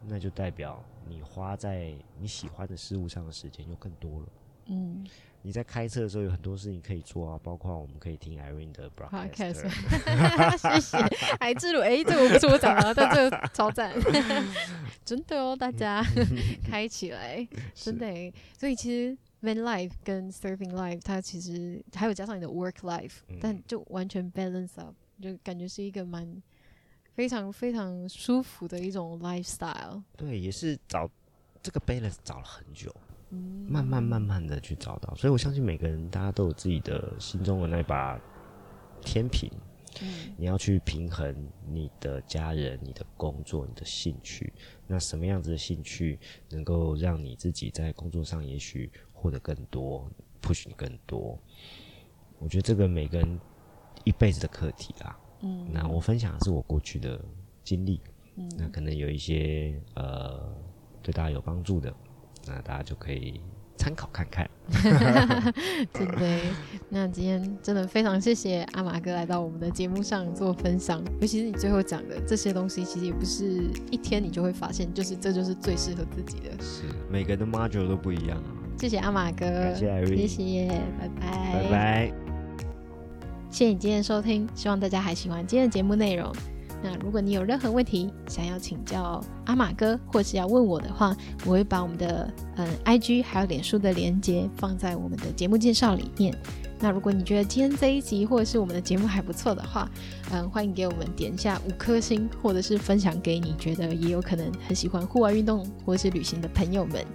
那就代表你花在你喜歡的事物上的時間又更多了。嗯，你在開車的時候有很多事情可以做啊，包括我們可以聽 Irene 的 broadcast。好，開車，謝謝海之路。哎、欸，這個不錯，我講的，但這個超讚啊，這個超讚， 真的哦，大家、嗯、開起來 真的。所以其實 main life 跟 surfing life，它其實還有加上你的 work life，、嗯、但就完全 balance up，就感覺是一個蠻非常非常舒服的一種 lifestyle。對，也是找這個 balance 找了很久。慢慢慢慢的去找到，所以我相信每個人，大家都有自己的心中的那把天平，嗯，你要去平衡你的家人、你的工作、你的興趣。那什麼樣子的興趣能夠讓你自己在工作上也許獲得更多，push 你更多？我覺得這個每個人一輩子的課題啊。嗯，那我分享的是我過去的經歷，嗯，那可能有一些呃對大家有幫助的。那大家就可以參考看看，對不對？那今天真的非常謝謝阿馬哥來到我們的節目上做分享，尤其是你最後講的這些東西，其實也不是一天你就會發現，就是這就是最適合自己的，是每個的 module 都不一樣啊。謝謝阿馬哥，謝謝 Irene，謝謝，拜拜，拜拜，謝謝你今天收聽，希望大家還喜歡今天的節目內容。那如果你有任何問題想要請教阿馬哥，或是要問我的話，我會把我們的嗯 IG 還有臉書的鏈接放在我們的節目介紹裡面。那如果你覺得今天這一集或者是我們的節目還不錯的話，嗯，歡迎給我們點一下五顆星，或者是分享給你覺得也有可能很喜歡戶外運動或是旅行的朋友們。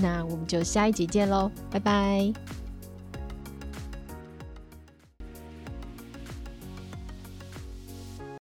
那我們就下一集見嘍，拜拜。